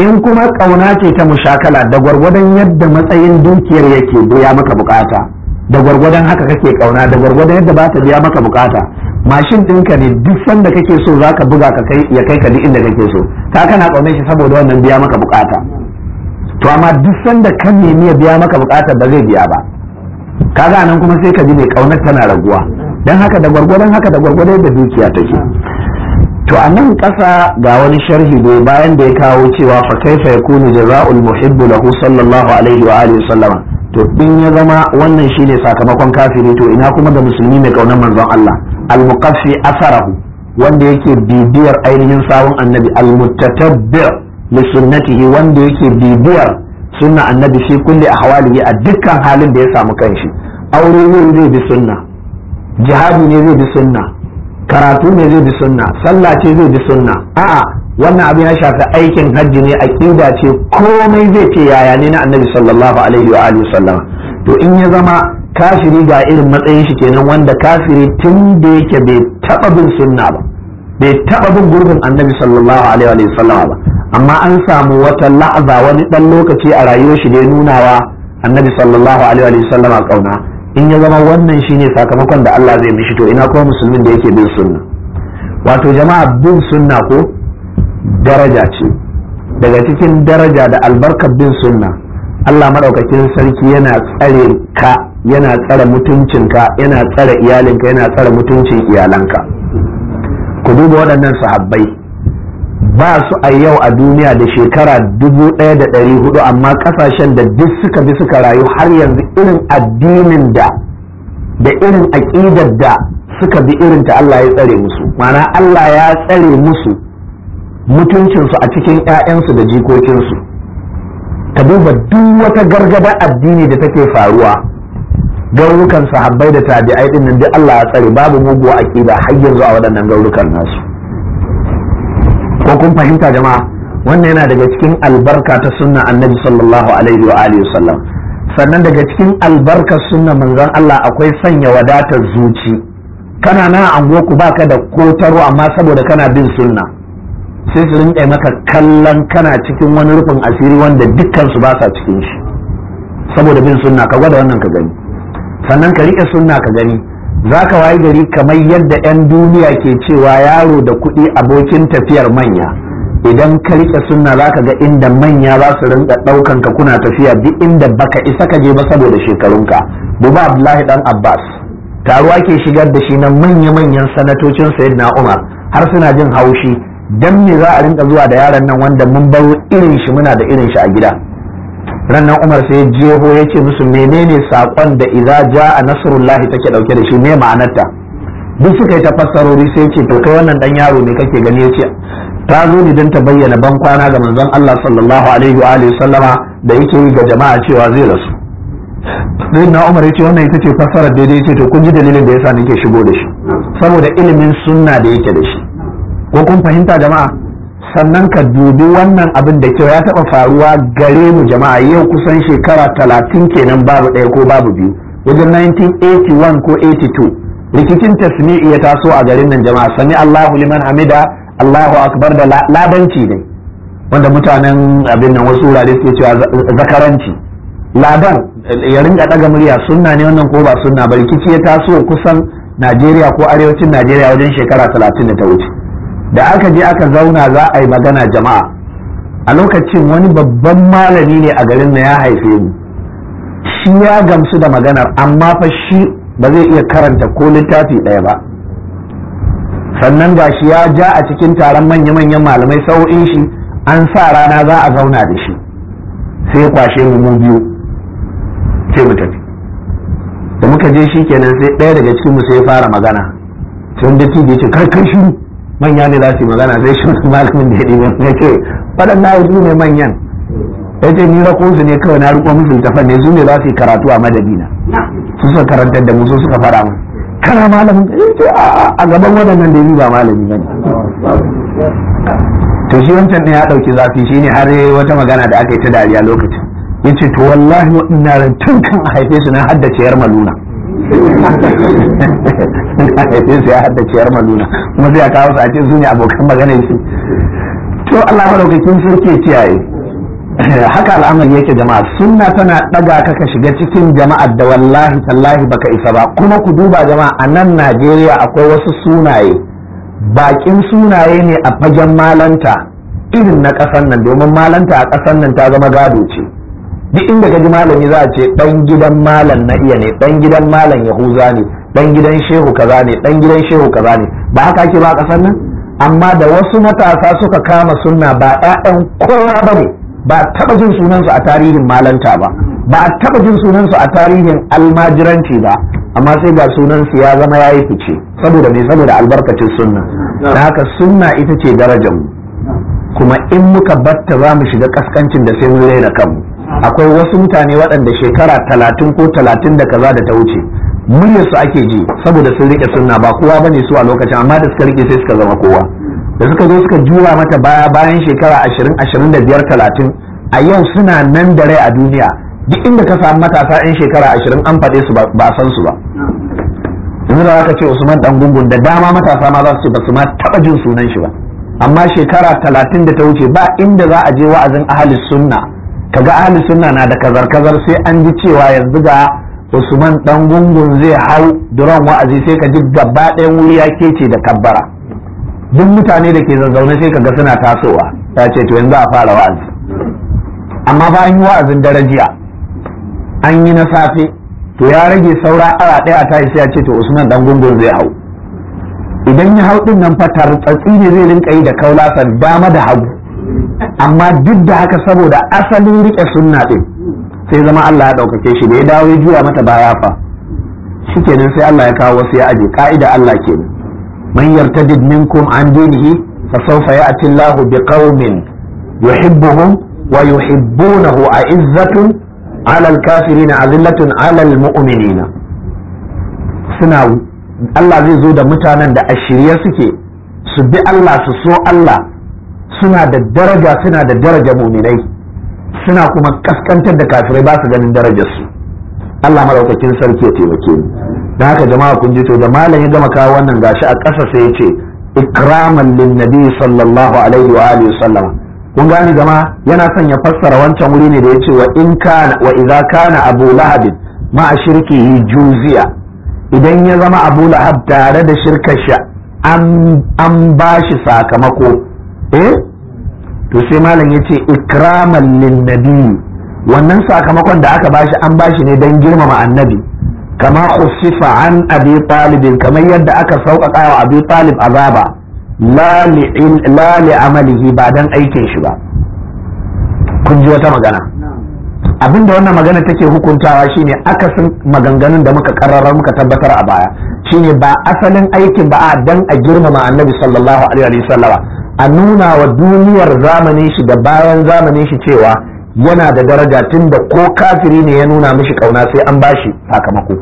in kuma ƙauna ce ta mushakala da gwargwadon yadda matsayin dukiyar yake biya maka bukata da gwargwadon haka kake ƙauna da gwargwadon yadda ba ta biya maka bukata mashin ɗinka ne duk sanda kake so za ka buga kai ya kai ka duk inda kake so Ta kana ƙaunar shi saboda wannan biya maka bukata to amma duk sanda ka nemi ya biya maka bukata ba zai biya ba kaga nan kuma sai ka ji mai ƙaunar tana raguwa dan haka da gwargwadon haka da gwargwadon da dukiya take to a nan ƙasa ga wani sharhi ne bayan da ya kawo cewa fa kaifa Kuni Jiraul muhibbu lahu sallallahu alaihi wa alihi sallama to in ya zama wannan shine sakamakon kafiri to ina kuma da musulmi mai kaunar manzon Allah al-muqaffi asarahu wanda yake bibiyar ainihin sawun annabi al-muttatabbi' li sunnatihi wanda yake bibiyar sunna annabi fi kulli ahwalihi a dukkan halin da ya samu kanshi aure ne zai bi sunna jihadi ne zai bi sunna karatu ne zai bi sunna sallah ce zai bi sunna a'a wannan abin ya shafi aikin hajji ne aqida ce komai zai ce yaya ne na annabi sallallahu alaihi wa alihi sallama to in ya zama kafiri ga irin matsayin shi kenan wanda kafiri tun da yake bai taba bin sunna ba bai taba bin gurbin annabi sallallahu alaihi wa sallama ba amma an samu wata la'aza wani dan lokaci a rayuwar shi da ya nunawa annabi sallallahu alaihi wa sallama kauna in ya zama wannan shine sakamakon da Allah zai mishi to ina kuma musulmin da yake bin sunna wato jama'a bin sunna ko daraja ce daga cikin daraja da albarkar bin sunna Allah maɗaukakin sarki yana tsare ka yana tsare mutuncinka yana tsare iyalinka yana tsare mutuncin iyalanka ku duba waɗannan sahabbai ba su a yau a duniya da shekara dubu ɗaya da ɗari hudu amma ƙasashen da duk suka bi suka rayu har yanzu irin addinin da da irin aƙidar da suka bi irin ta Allah ya tsare musu ma'ana Allah ya tsare musu mutuncinsu a cikin 'ya'yansu da jikokinsu ta duba duk wata gargada addini da take faruwa gaurukan sahabbai da tabi'ai din nan duk Allah ya tsare babu muguwa a har yanzu a waɗannan gaurukan nasu ko kun fahimta jama'a wannan yana daga cikin albarka ta sunna annabi sallallahu alaihi wa alihi wasallam sannan daga cikin albarkar sunna manzon Allah akwai sanya wadatar zuci kana na ango ku baka da kotaro amma saboda kana bin sunna sai su rinka maka kallon kana cikin wani rufin asiri wanda dukkan su ba sa cikin shi saboda bin sunna ka gwada wannan ka gani sannan ka riƙe sunna ka gani za ka wayi gari kamar yadda 'yan duniya ke cewa yaro da kuɗi abokin tafiyar manya idan ka riƙe sunna za ka ga inda manya za su rinka ɗaukan ka kuna tafiya duk inda baka isa ka je ba saboda shekarunka buba abdullahi dan abbas taruwa ke shigar da shi na manya-manyan sanatocin sayyidina umar har suna jin haushi dan me za a rinka zuwa da yaron nan wanda mun bar irin shi muna da irin shi a gida rannan umar sai jeho ya ce musu menene saƙon da idza ja'a nasrullahi take ɗauke da shi me ma'anarta duk suka yi ta fassarori sai ce to kai wannan dan yaro ne kake gani ya ce ta zo ne don ta bayyana ban kwana ga manzon Allah sallallahu alaihi wa alihi sallama da yake yi ga jama'a cewa zai rasu sai na Umar ce wannan ita ce fassarar daidai ce to kun ji dalilin da yasa nake shigo da shi saboda ilimin sunna da yake da shi ko kun fahimta jama'a sannan ka dubi wannan abin da kyau ya taba faruwa gare mu jama'a yau kusan shekara talatin kenan babu ɗaya ko babu biyu wajen 1981 ko 82 rikicin tasmi'i ya taso a garin nan jama'a sami Allahu liman hamida Allahu akbar da labanci ne wanda mutanen abin nan wasu wurare suke cewa zakaranci ladan ya ringa daga murya sunna ne wannan ko ba sunna ba rikici ya taso kusan Najeriya ko arewacin Najeriya wajen shekara talatin da ta wuce da aka je aka zauna za a yi magana jama'a a lokacin wani babban malami ne a garin na ya haife mu shi ya gamsu da maganar amma fa shi ba zai iya karanta ko littafi ɗaya ba sannan ga shi ya ja a cikin taron manya-manyan malamai sau'in shi an sa rana za a zauna da shi sai kwashe mu mu biyu sai mu tafi da muka je shi kenan sai ɗaya daga cikin mu sai fara magana sai da ce kai kai shiru manya ne za su yi magana zai shi wasu malamin da ya ɗiba ya ce na yanzu ne manyan ya ce ni rako su ne kawai na riko musu littafan ne su ne za su yi karatu a madadina su suka karantar da musu suka fara mun kana malamin ya ce a gaban waɗannan da ni ba malami ba ne to shi wancan ne ya ɗauki zafi shi ne har wata magana da aka yi ta dariya lokacin ya ce to wallahi waɗannan tun kan haife su na haddace yar maluna sai sai hadda ciyar maluna kuma sai ya kawo su a ce su ne abokan maganar shi to Allah madaukakin sarki kiyaye haka al'amari yake jama'a sunna tana daga ka ka shiga cikin jama'a da wallahi tallahi baka isa ba kuma ku duba jama'a a nan Najeriya akwai wasu sunaye bakin sunaye ne a fagen malanta irin na kasan nan domin malanta a kasan nan ta zama gado ce duk inda ka ji malami za a ce ɗan gidan malam na iya ne ɗan gidan malam yahuza ne dan gidan shehu kaza ne dan gidan shehu kaza ne ba haka ake ba a kasar nan amma da wasu matasa suka kama sunna ba ƴaƴan kowa ba ne ba a taɓa jin sunansu a tarihin malanta ba ba a taɓa jin sunansu a tarihin almajiranci ba amma sai ga sunansu ya zama ya yi fice saboda me saboda albarkacin sunna da haka sunna ita ce darajar mu kuma in muka batta za mu shiga kaskancin da sai mun raina kanmu akwai wasu mutane waɗanda shekara talatin ko talatin da kaza da ta wuce muryar ake ji saboda sun rike sunna ba kowa bane su a lokacin amma da suka rike sai suka zama kowa da suka zo suka jura mata baya bayan shekara ashirin ashirin da biyar talatin a yau suna nan da rai a duniya duk inda ka samu matasa 'yan shekara ashirin an faɗe su ba san su ba yanzu da aka ce usman dan gungun da dama matasa ma za su ce ba su ma taɓa jin sunan shi ba amma shekara talatin da ta wuce ba inda za a je wa'azin ahalis sunna kaga ahli sunna na da kazar kazar sai an ji cewa yanzu ga usman dan gungun zai hau duran wa'azi sai ka ji gaba ɗayan wuri ya kece da kabbara duk mutane da ke zazzaune sai kaga suna tasowa ta ce to yanzu a fara wa'azi amma ba an yi wa'azin darajiya an yi na safe to ya rage saura ara ɗaya a tashi sai ya ce to usman dan gungun zai hau idan ya hau din nan fatar tsatsi ne zai rinka yi da kaulasan dama da hagu amma duk da haka saboda asalin riƙe sunna ɗin, sai zama Allah ya ɗaukake shi da dawo ya juya mata baya fa shikenan sai Allah ya kawo wasu ya aje ka'ida Allah kenan man yartadid minkum an dinihi fa sawfa ya'ti Allahu qaumin yuhibbuhum wa yuhibbunahu a'izzatun 'ala al-kafirina 'azillatun 'ala al muminin suna Allah zai zo da mutanen da a shirye suke su bi Allah su so Allah suna da daraja suna da daraja muminai suna kuma kaskantar da kafirai ba su ganin darajarsu Allah maraukakin sarki ya taimake ni da haka jama'a kun ji to da malam ya gama kawo wannan gashi a ƙasa sai ya ce ikraman lin nabi sallallahu alaihi wa alihi sallam kun gane jama'a yana son ya fassara wancan wuri ne da ya ce wa in kana wa idza kana abu lahab ma shirkihi juziya idan ya zama abu lahab tare da shirkar shi an ba shi sakamako eh to sai malam ya ce ikraman lin wannan sakamakon da aka bashi an bashi ne don girmama annabi kama khusifa an abi talibin kamar yadda aka sauƙaƙa wa abi talib azaba la li amalihi ba dan aikin shi ba kun ji wata magana abinda wannan magana take hukuntawa shine akasin maganganun da muka karrara muka tabbatar a baya shine ba asalin aikin ba a dan a girmama annabi sallallahu alaihi wa a nuna wa duniyar zamanin shi da bayan zamanin shi cewa yana da daraja tun da ko kafiri ne ya nuna mishi kauna sai an bashi sakamako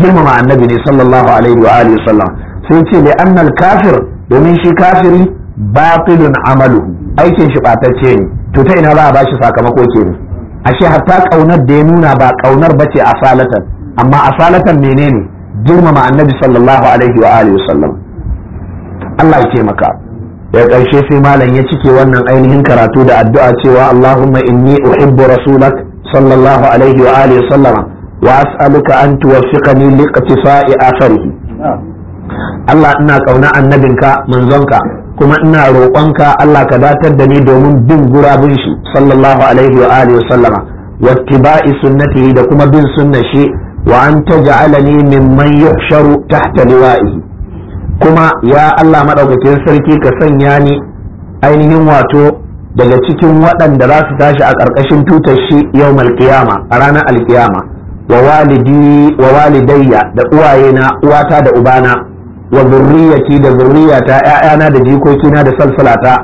girmama annabi ne sallallahu alaihi wa alihi sallam sai ce li annal kafir domin shi kafiri batilun amalu aikin shi batacce ne to ta ina za a bashi sakamako ke kenan ashe hatta kaunar da ya nuna ba kaunar bace asalatan amma asalatan menene girmama annabi sallallahu alaihi wa alihi sallam Allah ya taimaka da ƙarshe sai malam ya cike wannan ainihin karatu da addu'a cewa Allahumma inni uhibbu rasulak sallallahu alaihi wa alihi sallama wa as'aluka an tuwaffiqani liqtifa'i atharihi Allah ina kauna annabinka manzonka kuma ina roƙonka Allah ka datar da ni domin bin gurabin shi sallallahu alaihi wa alihi sallama wattiba'i sunnatihi da kuma bin sunnashi shi wa an taj'alani mimman yuhsharu tahta liwa'ihi kuma ya Allah maɗaukakin sarki ka sanya ni ainihin wato daga cikin waɗanda za su tashi a ƙarƙashin tutar shi yau malkiyama a ranar alkiyama wa walidayya da uwayena uwata da ubana wa zurriyati da zurriyata ‘ya'yana da jikokina da salsalata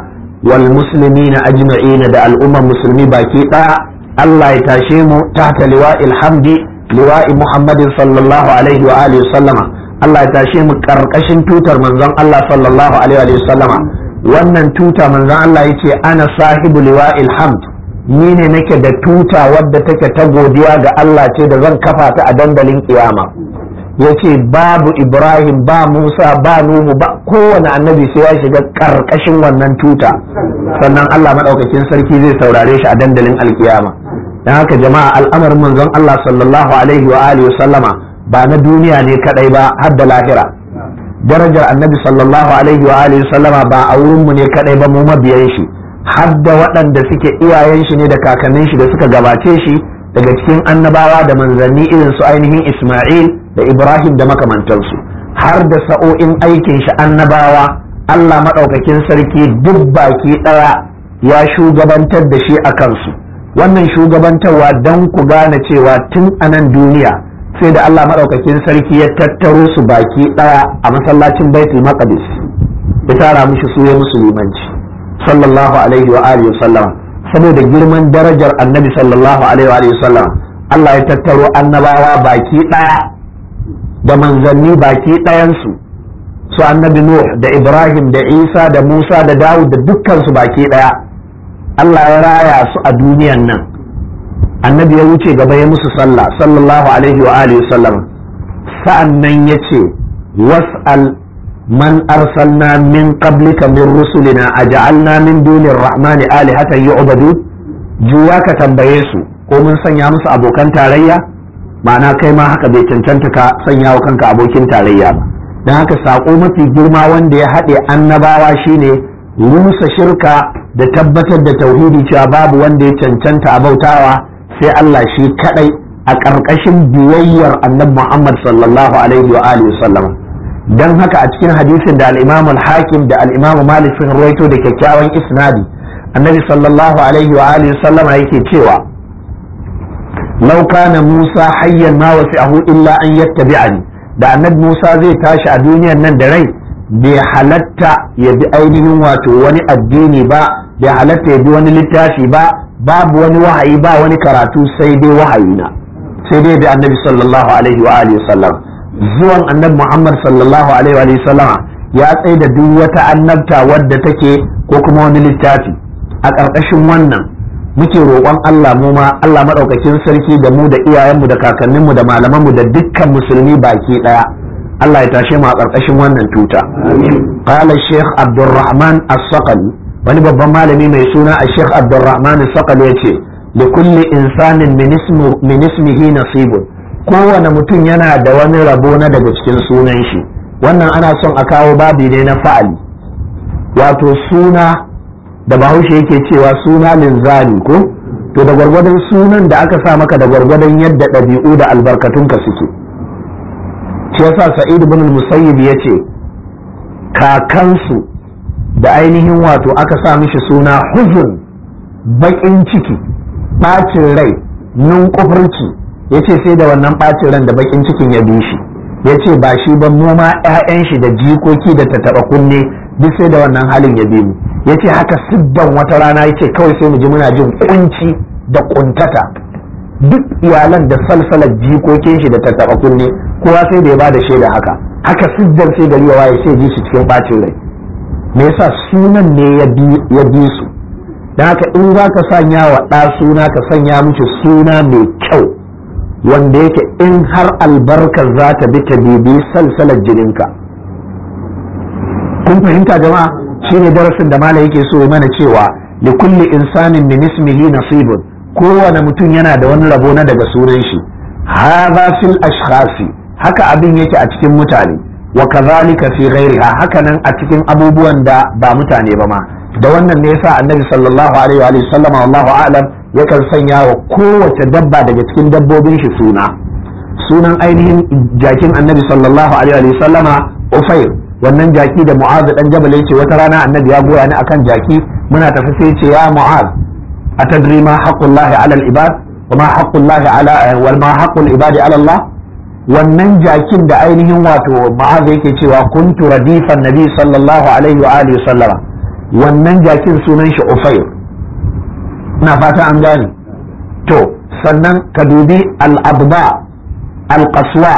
wal musulmi na ajma'ina da al'ummar musulmi baki ɗaya Allah ya tashe mu tahta liwa'il hamdi liwa'i Muhammadin sallallahu alaihi wa alihi sallama Allah ya tashe mu karkashin tutar manzon Allah sallallahu alaihi wa sallama wannan tuta manzon Allah yace ana sahibu liwa'il hamd ni ne nake da tuta wadda take ta godiya ga Allah ce da zan kafa ta a dandalin kiyama yace babu Ibrahim ba Musa ba Nuhu ba kowane annabi sai ya shiga karkashin wannan tuta sannan Allah madaukakin sarki zai saurare shi a dandalin alkiyama dan haka jama'a al'amarin manzon Allah sallallahu alaihi wa alihi wa sallama ba na duniya ne kadai ba har da lahira darajar annabi sallallahu alaihi wa alihi sallama ba a wurin mu ne kadai ba mu mabiyan shi har da waɗanda suke iyayen shi ne da kakannin shi da suka gabace shi daga cikin annabawa da manzanni irin su ainihin Isma'il da Ibrahim da makamantansu har da sa'o'in aikin shi annabawa Allah maɗaukakin sarki duk baki ɗaya ya shugabantar da shi a kansu wannan shugabantarwa dan ku gane cewa tun a nan duniya sai da Allah maɗaukakin sarki ya tattaro su baki ɗaya a masallacin baitul maqdis ya tara mushi su ya musulmanci sallallahu alaihi wa alihi saboda girman darajar annabi sallallahu alaihi wa alihi Allah ya tattaro annabawa baki ɗaya da manzanni baki ɗayansu su annabi Nuh da Ibrahim da Isa da Musa da Dawud da dukkan su baki ɗaya Allah ya raya su a duniyan nan annabi ya wuce gaba ya musu sallah sallallahu alaihi wa alihi sallam sa'annan yace was'al man arsalna min qablika min rusulina aj'alna min dunir rahmani alihatan yu'badu juwa ka tambaye su ko mun sanya musu abokan tarayya ma'ana kai ma haka bai cancanta ka sanya wa kanka abokin tarayya ba don haka sako mafi girma wanda ya haɗe annabawa shine rusa shirka da tabbatar da tauhidi cewa babu wanda ya cancanta abautawa. sai Allah shi kadai a ƙarƙashin biyayyar annab Muhammad sallallahu alaihi wa alihi sallama dan haka a cikin hadisin da al-Imam al-Hakim da al-Imam Malik sun rawaito da kyakkyawan isnadi annabi sallallahu alaihi wa alihi sallama yake cewa law kana Musa hayyan ma wasi'ahu illa an yattabi'ani da annab Musa zai tashi a duniyar nan da rai bai halatta ya bi ainihin wato wani addini ba bai halatta ya bi wani littafi ba babu wani wahayi ba wani karatu sai dai wahayi na sai dai bi annabi sallallahu alaihi wa alihi sallam zuwan annabi muhammad sallallahu alaihi wa alihi sallam ya tsaye da duk wata annabta wadda take ko kuma wani littafi a ƙarƙashin wannan muke roƙon Allah mu ma Allah maɗaukakin sarki da mu da iyayenmu da kakanninmu da malamanmu da dukkan musulmi baki ɗaya Allah ya tashe mu a ƙarƙashin wannan tuta qala sheikh abdurrahman as-saqali wani babban malami mai suna a sheikh abdurrahman sakal ya ce da kulle insanin min ismihi nasibun kowane mutum yana da wani rabo na daga cikin sunan shi wannan ana son a kawo babi ne na fa'ali wato suna da bahaushe yake cewa suna linzami ko to da gwargwadon sunan da aka sa maka da gwargwadon yadda ɗabi'u da albarkatunka suke shi yasa sa'id ibn musayyib yace kakansu da ainihin wato aka sa mishi suna huzun baƙin ciki ɓacin rai nunkufurci ya ce sai da wannan ɓacin ran da bakin cikin ya bi shi ya ce ba shi ba noma 'ya'yan shi da jikoki da ta taɓa kunne duk sai da wannan halin ya bi mu ya ce haka siddan wata rana ya ce kawai sai mu ji muna jin kunci da kuntata duk iyalan da salsalar jikokin shi da ta taɓa kunne kowa sai da ya ba da shaida haka haka siddan sai gari ya waye sai ji shi cikin ɓacin rai me sa sunan ne ya bi su da haka in za ka sanya wa ɗa suna ka sanya mishi suna mai kyau wanda yake in har albarkar za ta bi ta bibi salsalar jininka kun fahimta jama'a ne darasin da mala yake so mana cewa da kulli insanin min ismihi nasibun kowane mutum yana da wani rabo na daga sunan shi hadha fil ashkhasi haka abin yake a cikin mutane wa kazalika fi ghairiha hakanan a cikin abubuwan da ba mutane ba ma da wannan ne yasa annabi sallallahu alaihi wa sallama wallahu a'lam yakan sanya wa kowace dabba daga cikin dabbobin shi suna sunan ainihin jakin annabi sallallahu alaihi wa ufair wannan jaki da mu'az dan jabal yace wata rana annabi ya goya ni akan jaki muna tafi sai ce ya mu'az atadri ma haqqullahi ala al-ibad wa ma haqqullahi ala ma haqqul ibadi ala Allah wannan jakin da ainihin wato ma'aza yake cewa kuntu radifan nabi sallallahu alaihi wa alihi sallama wannan jakin sunan shi ufair ina fata an gane to sannan ka dubi al abda al-qaswa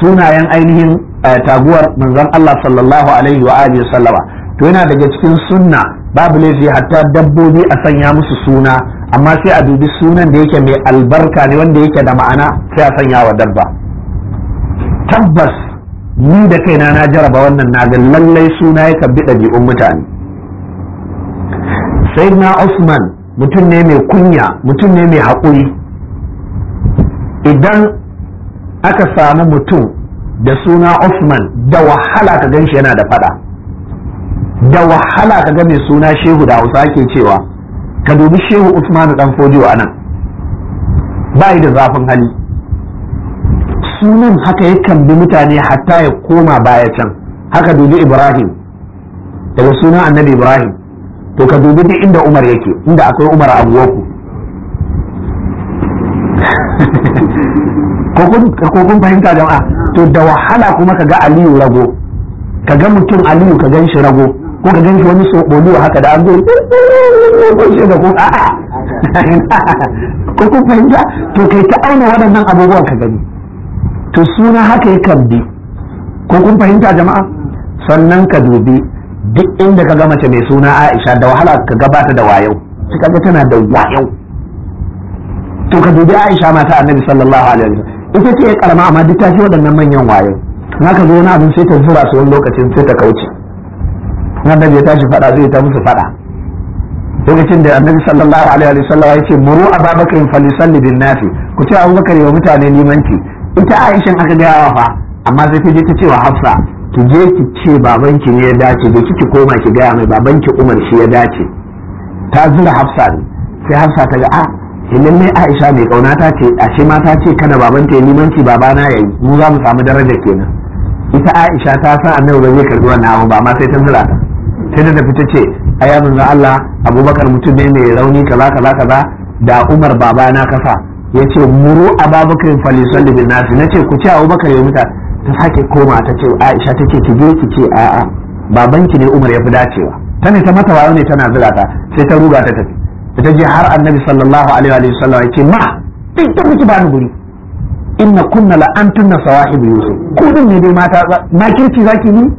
sunayen ainihin eh, taguwar manzon Allah sallallahu alaihi wa alihi sallama to yana daga cikin sunna babu laifi hatta dabbobi a sanya musu suna amma sai a dubi sunan da yake mai albarka ne wanda yake da ma'ana sai a sanya wa dabba tabbas ni da kaina na jaraba wannan na ga lallai suna ya kabbi ɗabi'un mutane sai na usman mutum ne mai kunya mutum ne mai haƙuri idan aka samu mutum da suna usman da wahala ka gan shi yana da fada da wahala ka ga mai suna shehu da hausa ake cewa ka dubi shehu usman ɗan fojo a nan ba da zafin hali sunan haka yakan bi mutane hatta ya koma baya can haka dubi ibrahim daga sunan annabi ibrahim to ka dubi duk inda umar yake inda akwai umar abuwaku ko kun fahimta jama'a to da wahala kuma ka ga aliyu rago ka ga mutum aliyu ka gan shi rago ko ka gan shi wani soboliyo haka da an zo ko kun fahimta to kai ta auna waɗannan abubuwan ka gani to suna haka yi kabbi ko kun fahimta jama'a sannan ka dubi duk inda ka gama mace mai suna Aisha da wahala ka gabata da wayo sai kaga tana da wayo to ka dubi Aisha mata Annabi sallallahu alaihi wasallam ita ce karama amma duk ta ce waɗannan manyan wayo na ka zo wani abin sai ta zura su wani lokacin sai ta kauce annabi ya tashi faɗa zai ta musu faɗa lokacin da annabi sallallahu alaihi wasallam ya ce muru ababakarin falisalli bin nafi, ku ce abubakar ya mutane limanci ita aishan aka gaya wa fa amma sai ta je ta cewa hafsa ki je ki ce babanki ne ya dace da kiki koma ki gaya mai babanki umar shi ya dace ta zura hafsa ne sai hafsa ta ga a hilin mai aisha mai kauna ta ce ashe ma ta ce kada babanta ya limanci babana ya yi mu za mu samu daraja kenan ita aisha ta san annabi ba zai karbi wannan abu ba ma sai ta zura ta sai ta tafi ta ce ai manzon Allah abubakar mutum ne mai rauni kaza kaza kaza da umar babana kasa ya ce muru a babakar falisan da nasi na ce ku ce abu bakar ya mutu ta sake koma ta ce aisha ta ce ki je ki ce a'a babanki ne umar ya fi dacewa ta ne ta mata wayo ne tana zira sai ta ruga ta tafi da ta je har annabi sallallahu alaihi wa sallam ya ce ma duk bani guri inna kunna la antunna sawahibu yusuf ku din ne dai mata kirki zaki yi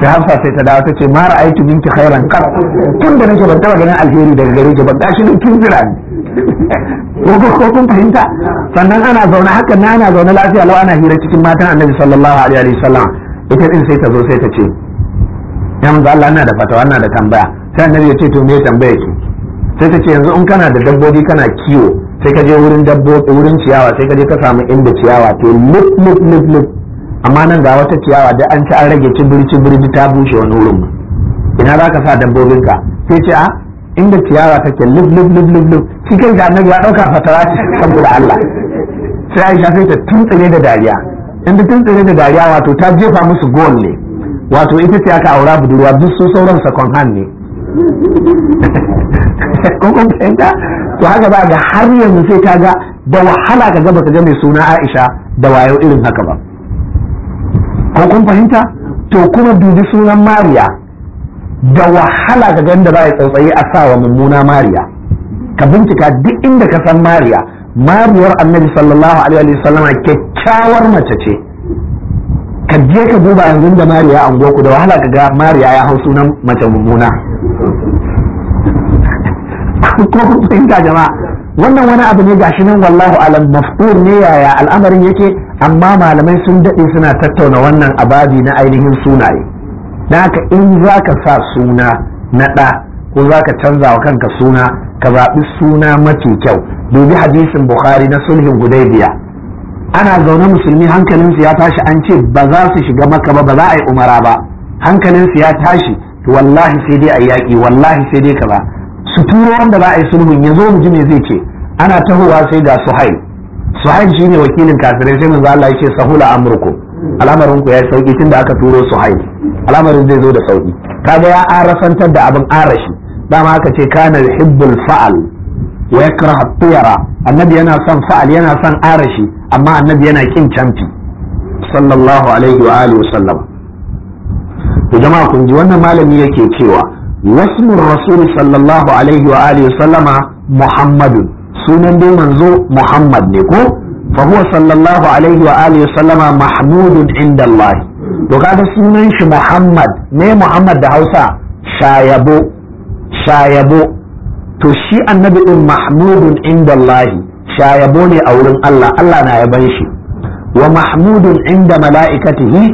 sai hafsa sai ta dawo ta ce mara aiki minki khairan kar tun da nake ban taba ganin alheri daga gare ki ba gashi ne kin jira ne ko kun fahimta sannan ana zaune haka na ana zaune lafiya lau ana hira cikin matan annabi sallallahu alaihi wa sallam ita din sai ta zo sai ta ce ya manzo Allah ina da fatawa ina da tambaya sai annabi ya ce to me tambaya ki sai ta ce yanzu in kana da dabbobi kana kiwo sai ka je wurin dabbobi wurin ciyawa sai ka je ka samu inda ciyawa to luk luk luk luk amma nan ga wata ciyawa da an ci an rage cibiri cibiri ta bushe wani wurin ina za ka sa ka sai ce a inda ciyawa take lub lub lub lub lub cikin ga annabi ya dauka fatara ce saboda Allah sai Aisha sai ta tuntsire da dariya inda tuntsire da dariya wato ta jefa musu gol ne wato ita ce aka aura budurwa duk su sauran second hand ne to haka ba ga har yanzu sai ta ga da wahala ka ga baka ga mai suna Aisha da wayo irin haka ba ko kun fahimta to kuma dubi sunan mariya da wahala ga da za a tsautsayi a sa wa mummuna mariya ka bincika duk inda ka san mariya mariyar annabi sallallahu alaihi wa sallam kyakkyawar mace ce ka je ka duba yanzu da mariya an goku da wahala ka ga mariya ya hau sunan mace mummuna ko kun fahimta jama'a wannan wani abu ne gashi nan wallahu alam mafkur ne yaya al'amarin yake amma malamai sun daɗe suna tattauna wannan ababi na ainihin sunaye don haka in za ka sa suna na ɗa ko za ka canza wa kanka suna ka zaɓi suna mafi kyau dubi hadisin bukhari na sulhin gudaibiya ana zaune musulmi hankalinsu ya tashi an ce ba za su shiga maka ba ba za a yi umara ba hankalinsu ya tashi wallahi sai dai a yaƙi wallahi sai dai kaza su turo wanda za a yi sulhun ya zo mu me zai ce ana tahowa sai ga suhail suhail shine wakilin kafirai sai manzo Allah yake sahula amurku al'amarin ku ya sauki tunda aka turo suhail al'amarin zai zo da sauki kaga ya arasantar da abin arashi dama aka ce kana hibbul fa'al wa yakrahu tiyara annabi yana son fa'al yana son arashi amma annabi yana kin camfi sallallahu alaihi wa alihi wa sallam jama'a kun ji wannan malami yake cewa wasmu rasul sallallahu alaihi wa alihi sallama muhammadun sunan dai manzo muhammad ne ko fa huwa sallallahu alaihi wa alihi sallama mahmudun inda allah to sunan shi muhammad ne muhammad da hausa shayabo shayabo to shi annabi in mahmudun inda shayabo ne a wurin allah allah na yaban shi wa mahmudun inda mala'ikatihi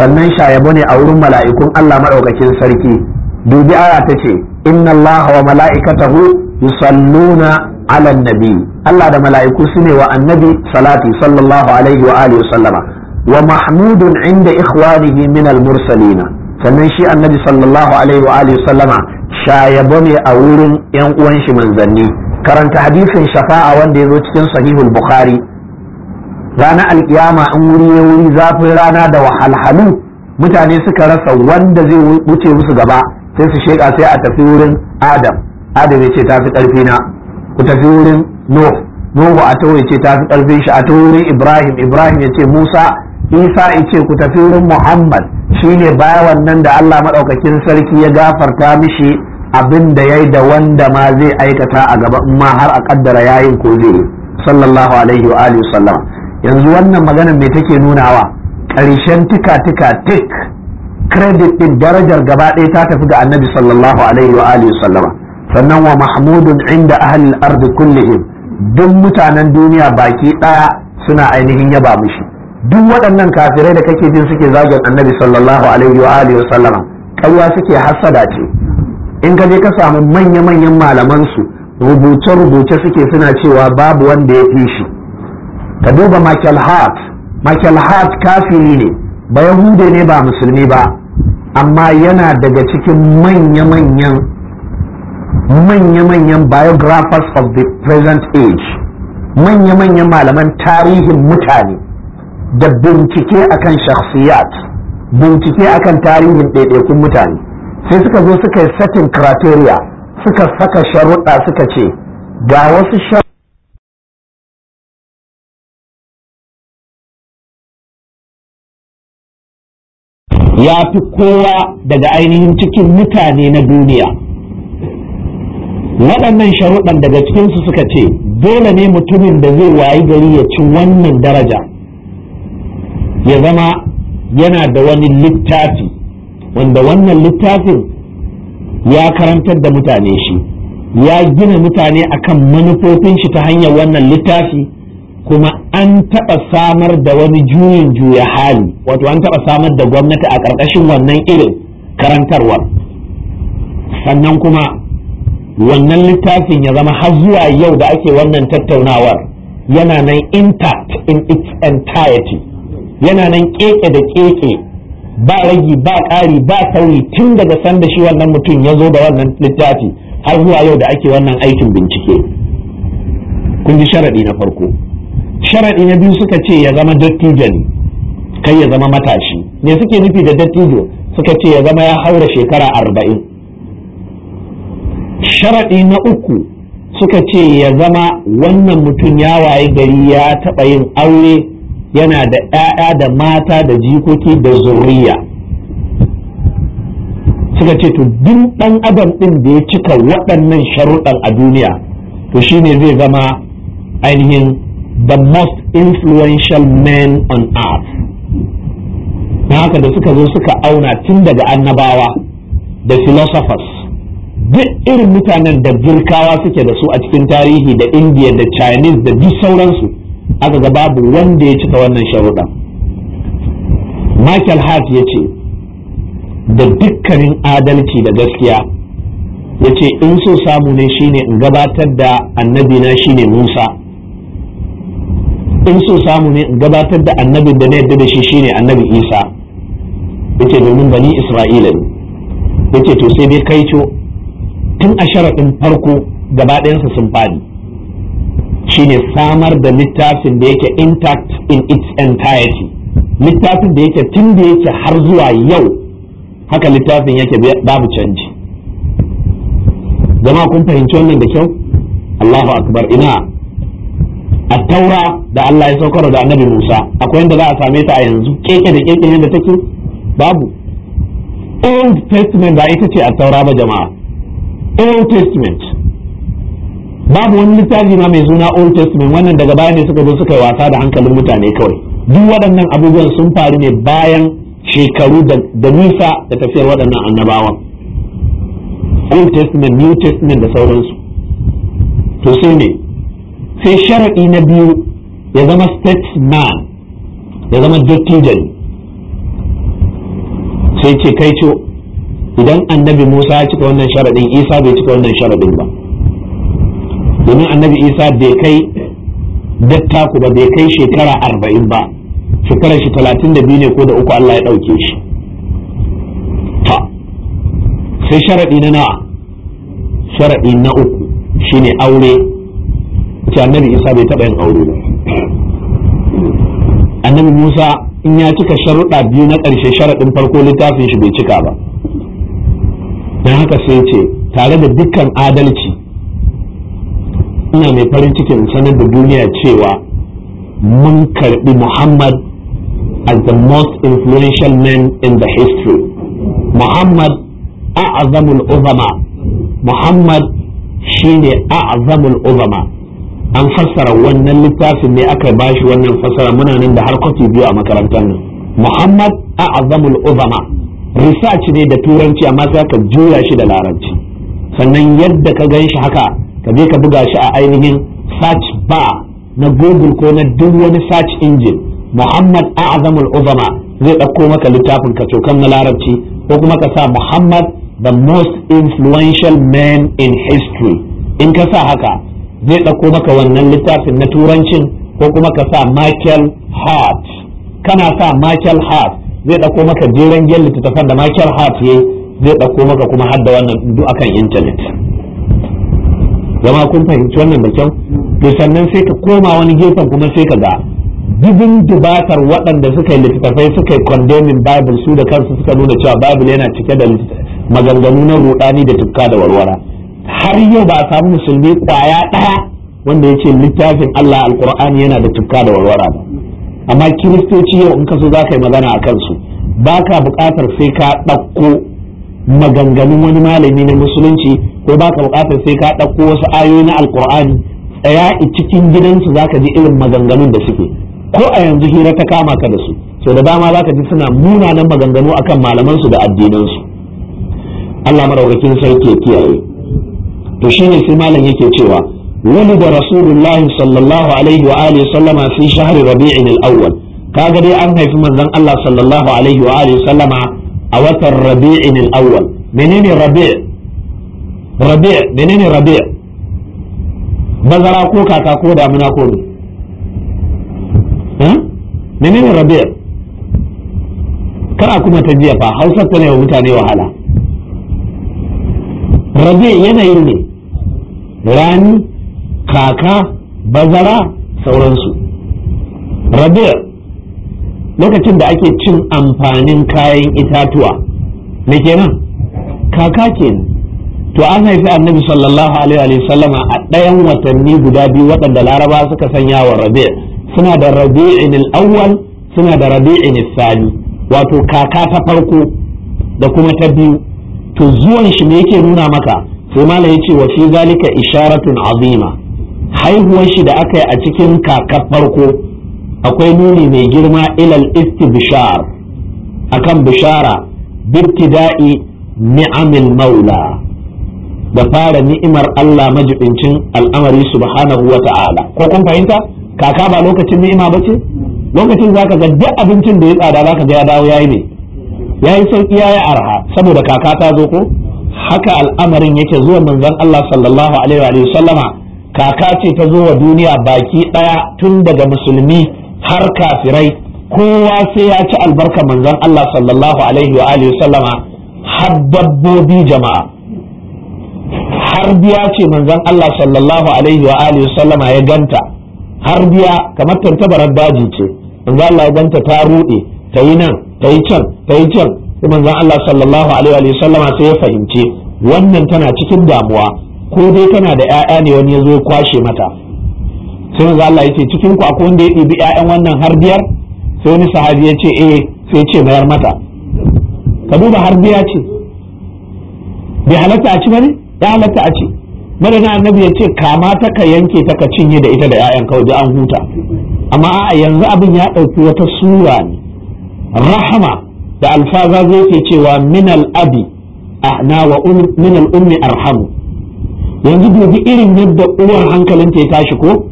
sannan shayabo ne a wurin mala'ikun allah madaukakin sarki dubi aya ta ce inna Allah wa mala'ikatahu yusalluna ala nabi Allah da mala'iku su ne wa annabi salatu. sallallahu alaihi wa alihi sallama wa mahmudun inda ikhwanihi min al-mursalina sannan shi annabi sallallahu alaihi wa alihi sallama shayabo ne a wurin yan uwan shi manzanni karanta hadisin shafa'a wanda ya zo cikin sahihul bukhari ranar alkiyama in wuri ya wuri zafin rana da wahalhalu mutane suka rasa wanda zai wuce musu gaba sai su sheka sai a tafi wurin adam adam ya ce ta fi ƙarfi na ku tafi wurin nuh nuhu a tawo ya ce ta fi ƙarfin shi a tawo wurin ibrahim ibrahim ya ce musa isa ya ce ku tafi wurin muhammad shine baya wannan da allah maɗaukakin sarki ya gafarta mishi abin da ya yi da wanda ma zai aikata a gaba ma har a kaddara yayin ko zai yi sallallahu alaihi wa alihi sallam yanzu wannan magana me take nunawa ƙarshen tika tika tik credit din darajar gaba ɗaya ta tafi ga annabi sallallahu alaihi wa alihi sallama sannan wa mahmudun inda ahlil ardi kullihim duk mutanen duniya baki ɗaya suna ainihin yaba mishi duk waɗannan kafirai da kake jin suke zagin annabi sallallahu alaihi wa alihi sallama ƙarya suke hassada ce in ka je ka samu manya-manyan malaman su rubuce-rubuce suke suna cewa babu wanda ya fi shi ka duba Michael Hart Michael Hart kafiri ne ba Yahude ne ba musulmi ba amma yana daga cikin manya-manyan manya-manyan biographers of the present age manya-manyan malaman tarihin mutane da bincike akan shakhsiyat bincike akan tarihin ɗaiɗaikun mutane sai suka zo suka yi satin criteria suka saka sharuɗa suka ce ga wasu ya fi kowa daga ainihin cikin mutane na duniya waɗannan sharuɗan daga cikinsu suka ce dole ne mutumin da zai wayi gari ya ci wannan daraja ya zama yana da wani littafi wanda wannan littafin ya karantar da mutane shi ya gina mutane akan manufofin shi ta hanyar wannan littafi kuma an taɓa samar da wani juyin juya hali wato an taɓa samar da gwamnati a ƙarƙashin wannan irin karantarwar sannan kuma wannan littafin ya zama har zuwa yau da ake wannan tattaunawar yana nan intact in its entirety yana nan keke da keke ba ragi ba ƙari ba sauri tun daga sanda shi wannan mutum ya zo da wannan littafi har zuwa yau da ake wannan aikin bincike kun ji sharaɗi na farko sharaɗi na biyu suka ce ya zama dattijo ne kai ya zama matashi me suke nufi da dattijo suka ce ya zama ya haura shekara arba'in sharaɗi na uku suka ce ya zama wannan mutum ya waye gari ya taɓa yin aure yana da 'ya'ya da mata da jikoki da zuriya suka ce to duk ɗan adam ɗin da ya cika waɗannan sharuɗan a duniya to shi ne zai zama ainihin the most influential men on earth na haka da suka zo suka auna tun daga annabawa da philosophers duk irin mutanen da girkawa suke da su a cikin tarihi da indiya da chinese da duk sauransu aka ga babu wanda ya cika wannan sharuɗa michael hart ya ce da dukkanin adalci da gaskiya ya ce in so samu ne shine in gabatar da annabi na shine musa in so samu ne in gabatar da annabin da na yadda da shi shine annabi isa yace domin bani isra'ila ne yace to sai dai kai co tun a sharaɗin farko gaba ɗayansa sun faɗi shine samar da littafin da yake intact in its entirety littafin da yake tun da yake har zuwa yau haka littafin yake babu canji jama'a kun fahimci wannan da kyau Allahu akbar ina A taura da Allah ya saukar da annabi Musa akwai inda za a same ta a yanzu keke da keke yadda take babu old testament ba ita ce a taura ba jama'a old testament babu wani littafi ma mai suna old testament wannan daga baya ne suka zo suka yi wasa da hankalin mutane kawai duk waɗannan abubuwan sun faru ne bayan shekaru da nisa da tafiyar waɗannan annabawan old testament new testament da sauransu to sai ne sai sharaɗi na biyu ya zama statesman ya zama dattijan sai ce kai ce idan annabi musa ya cika wannan sharaɗin isa bai cika wannan sharaɗin ba domin annabi isa bai kai dattaku ba bai kai shekara arba'in ba shekarar shi talatin da biyu ne ko da uku allah ya ɗauke shi ta sai sharaɗi na nawa sharaɗi na uku shine aure to annabi isa bai taɓa yin aure ba annabi musa in ya cika sharuɗa biyu na ƙarshe sharaɗin farko littafin shi bai cika ba don haka sai ce tare da dukkan adalci ina mai farin cikin sanar da duniya cewa mun karɓi muhammad as the most influential man in the history muhammad a'azamul uzama muhammad shine a'azamul uzama an fassara wannan littafin ne aka ba shi wannan fassara muna nan da har biyu a makarantar nan muhammad a azamul uzama research ne da turanci amma sai ka juya shi da larabci sannan yadda ka gan shi haka ka je ka buga shi a ainihin search ba na google ko na duk wani search engine muhammad a azamul zai ɗauko maka littafin ka cokan na larabci ko kuma ka sa muhammad the most influential man in history in ka sa haka zai ɗauko maka wannan littafin na turancin ko kuma ka sa Michael Hart kana sa Michael Hart zai ɗauko maka jeren gyan littattafan da Michael Hart ya zai ɗauko maka kuma har da wannan duk akan intanet zama kun fahimci wannan da kyau to sannan sai ka koma wani gefen kuma sai ka ga dubin dubatar waɗanda suka yi littattafai suka yi condemning bible su da kansu suka nuna cewa bible yana cike da maganganu na rudani da tukka da warwara har yau ba a samu musulmi kwaya ɗaya wanda ya ce littafin Allah alkur'ani yana da tukka da warwara ba amma kiristoci yau in ka so za ka yi magana a kansu ba ka buƙatar sai ka ɗauko maganganun wani malami na musulunci ko ba ka buƙatar sai ka ɗauko wasu ayoyi na alkur'ani tsaya cikin gidansu za ka ji irin maganganun da suke ko a yanzu hira ta kama ka da su sau da dama za ka ji suna munanan maganganu akan malamansu da addinansu Allah maraukakin sarki kiyaye to shine sai malam yake cewa ولد رسول الله صلى الله عليه وآله وسلم في شهر ربيع الأول kaga dai an haifi manzon Allah sallallahu alaihi wa alihi sallama a watan rabi'in al-awwal menene rabi' rabi' menene rabi' bazara ko kaka ko damuna ko ne menene rabi' kana kuma ta jiya fa Hausa ta ne wa mutane wahala rabi' yanayin ne rani kaka bazara sauransu rabia lokacin da ake cin amfanin kayan itatuwa me kenan kaka kenan to an haifi annabi sallallahu alaihi wa sallama a ɗayan watanni guda biyu waɗanda laraba suka sanya wa rabi suna da rabi'in al-awwal suna da rabi'in al-thani wato kaka ta farko da kuma ta biyu to zuwan shi me yake nuna maka sai ya yace wa fi zalika isharatun azima haihuwar shi da aka yi a cikin kakar farko akwai nuni mai girma ilal istibshar akan bishara bibtida'i ni'amil maula da fara ni'imar Allah majibincin al'amari subhanahu wa ta'ala ko kun fahimta kaka ba lokacin ni'ima ba ce lokacin zaka ga duk abincin da ya tsada zaka ga ya dawo yayi ne yayi sauki yayi arha saboda kaka ta zo ko haka al'amarin yake zuwa manzon Allah sallallahu alaihi wa sallama kaka ce ta zo wa duniya baki daya tun daga musulmi har kafirai kowa sai ya ci albarka manzon Allah sallallahu alaihi wa alihi sallama har dabbobi jama'a har biya ce manzon Allah sallallahu alaihi wa alihi sallama ya ganta har biya kamar tantabarar daji ce manzon Allah ya ganta ta rude ta yi nan ta yi can ta yi can kuma za Allah sallallahu alaihi wa sallama sai ya fahimce wannan tana cikin damuwa ko dai tana da ƴaƴa ne wani ya zo ya kwashe mata sai manzon Allah ya ce cikin ku akwai wanda ya ɗibi ƴaƴan wannan har biyar sai wani sahabi ya ce eh sai ce mayar mata ka duba har biya ce bai halatta a ci bane ya halatta a ci madana annabi ya ce kama ta ka yanke ta ka cinye da ita da ƴaƴan kawai an huta amma a yanzu abin ya ɗauki wata sura ne rahama da alfaza zai ke cewa minal al-abi ahna wa um, minal ummi arhamu yanzu dubi irin yadda uwar hankalinta ya tashi ko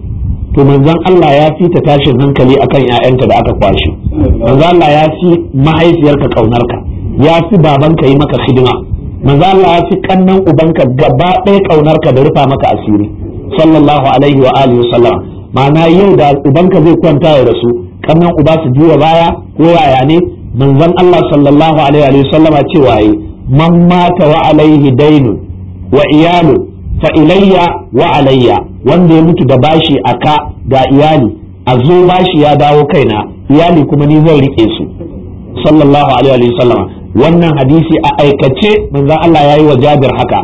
to manzon Allah ya fi ta tashin hankali akan ƴaƴanta da aka kwashi manzon Allah ya fi mahaifiyarka kaunarka ya fi babanka yi maka hidima manzon Allah ya fi kannan ubanka gaba ɗaya kaunarka da rufa maka asiri sallallahu alaihi wa alihi wasallam ma'ana yau da ubanka zai kwanta ya rasu kannan uba su juya baya ko yaya ne manzon Allah sallallahu alaihi wa sallama cewa yi man mata wa alaihi dainu wa iyalu fa ilayya wa alayya wanda ya mutu da bashi a ka ga iyali a zo bashi ya dawo kaina iyali kuma ni zan rike su sallallahu alaihi wa sallama wannan hadisi a aikace manzon Allah yi wa Jabir haka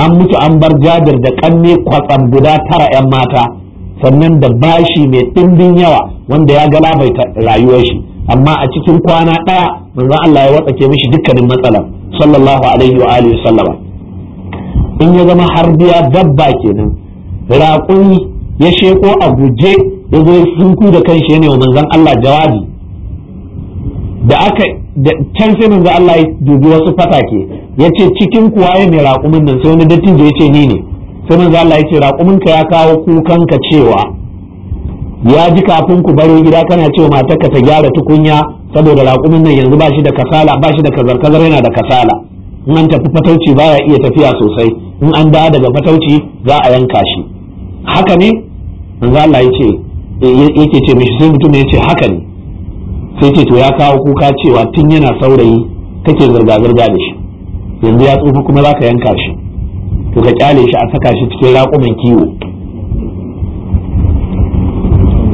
an mutu an bar Jabir da kanne kwatsam guda tara yan mata sannan da bashi mai dimbin yawa wanda ya galabaita rayuwar shi amma a cikin kwana ɗaya manzo Allah ya watsake mishi dukkanin matsala. sallallahu alaihi wa alihi sallama in ya zama harbiya biya dabba kenan raƙumi ya sheko a guje ya zo sunku da kanshi ne wa manzon Allah jawabi da aka can sai manzo Allah ya dubi wasu fatake yace cikin kuwa ya mai raƙumin nan sai wani dattijo ya ce ni ne sai manzo Allah ya ce raƙumin ka ya kawo kukanka cewa ya ji kafin ku baro gida kana cewa ka ta gyara tukunya saboda raƙumin nan yanzu ba shi da kasala ba shi da kazar kazar yana da kasala in an tafi fatauci baya iya tafiya sosai in an dawo daga fatauci za a yanka shi haka ne manzo Allah yace eh, yake ce mishi sai mutum ya ce haka ne sai ce to ya kawo kuka cewa tun yana saurayi kake zirga zirga da shi yanzu ya tsufa kuma za ka yanka shi to ka kyale shi a saka shi cikin raƙumin kiwo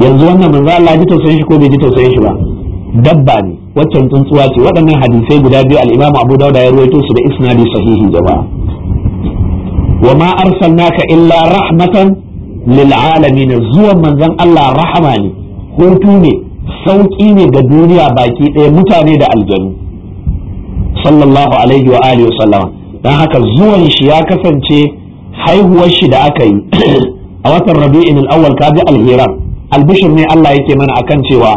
yanzu wannan manzo Allah ji tausayin shi ko bai ji tausayin shi ba dabba ne waccan tsuntsuwa ce waɗannan hadisai guda biyu al-Imam Abu Dawud ya ruwaito su da isnadi sahihi jama'a wa ma arsalnaka illa rahmatan lil alamin zuwan manzon Allah rahama ne hutu ne sauki ne ga duniya baki ɗaya mutane da aljanu sallallahu alaihi wa alihi wa sallama dan haka zuwan shi ya kasance haihuwar shi da aka yi a watan rabi'in al-awwal kabi al-hiram albishir ne Allah yake mana akan cewa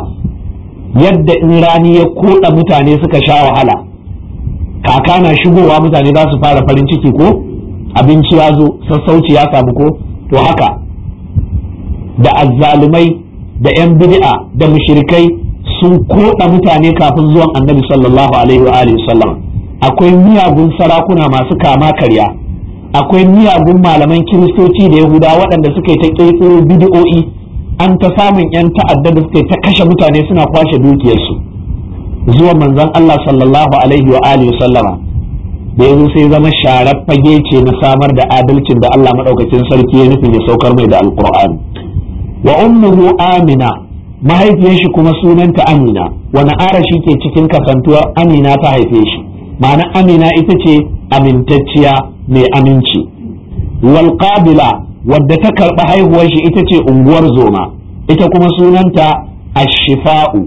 yadda in rani ya koda mutane suka sha wahala kaka na shigowa mutane za su fara farin ciki ko abinci ya zo sassauci ya samu ko to haka da azzalumai da 'yan bid'a da mushrikai sun koda mutane kafin zuwan annabi sallallahu alaihi wa sallam akwai miyagun sarakuna masu kama karya akwai miyagun malaman kiristoci da yahuda waɗanda suka yi ta ƙirƙiro bid'o'i an ta samun 'yan ta'adda da suka ta kashe mutane suna kwashe dukiyarsu zuwa manzon Allah sallallahu alaihi wa alihi sallama da yanzu sai zama sharar fage ce na samar da adalcin da Allah madaukakin sarki ya nufin ya saukar mai da alqur'ani wa ummuhu amina mahaifiyar shi kuma sunanta amina wani ara shi ke cikin kasantuwar amina ta haife shi ma'ana amina ita ce amintacciya mai aminci wal qabila wadda ta karɓi haihuwar shi ita ce unguwar zoma ita kuma sunanta ashifa'u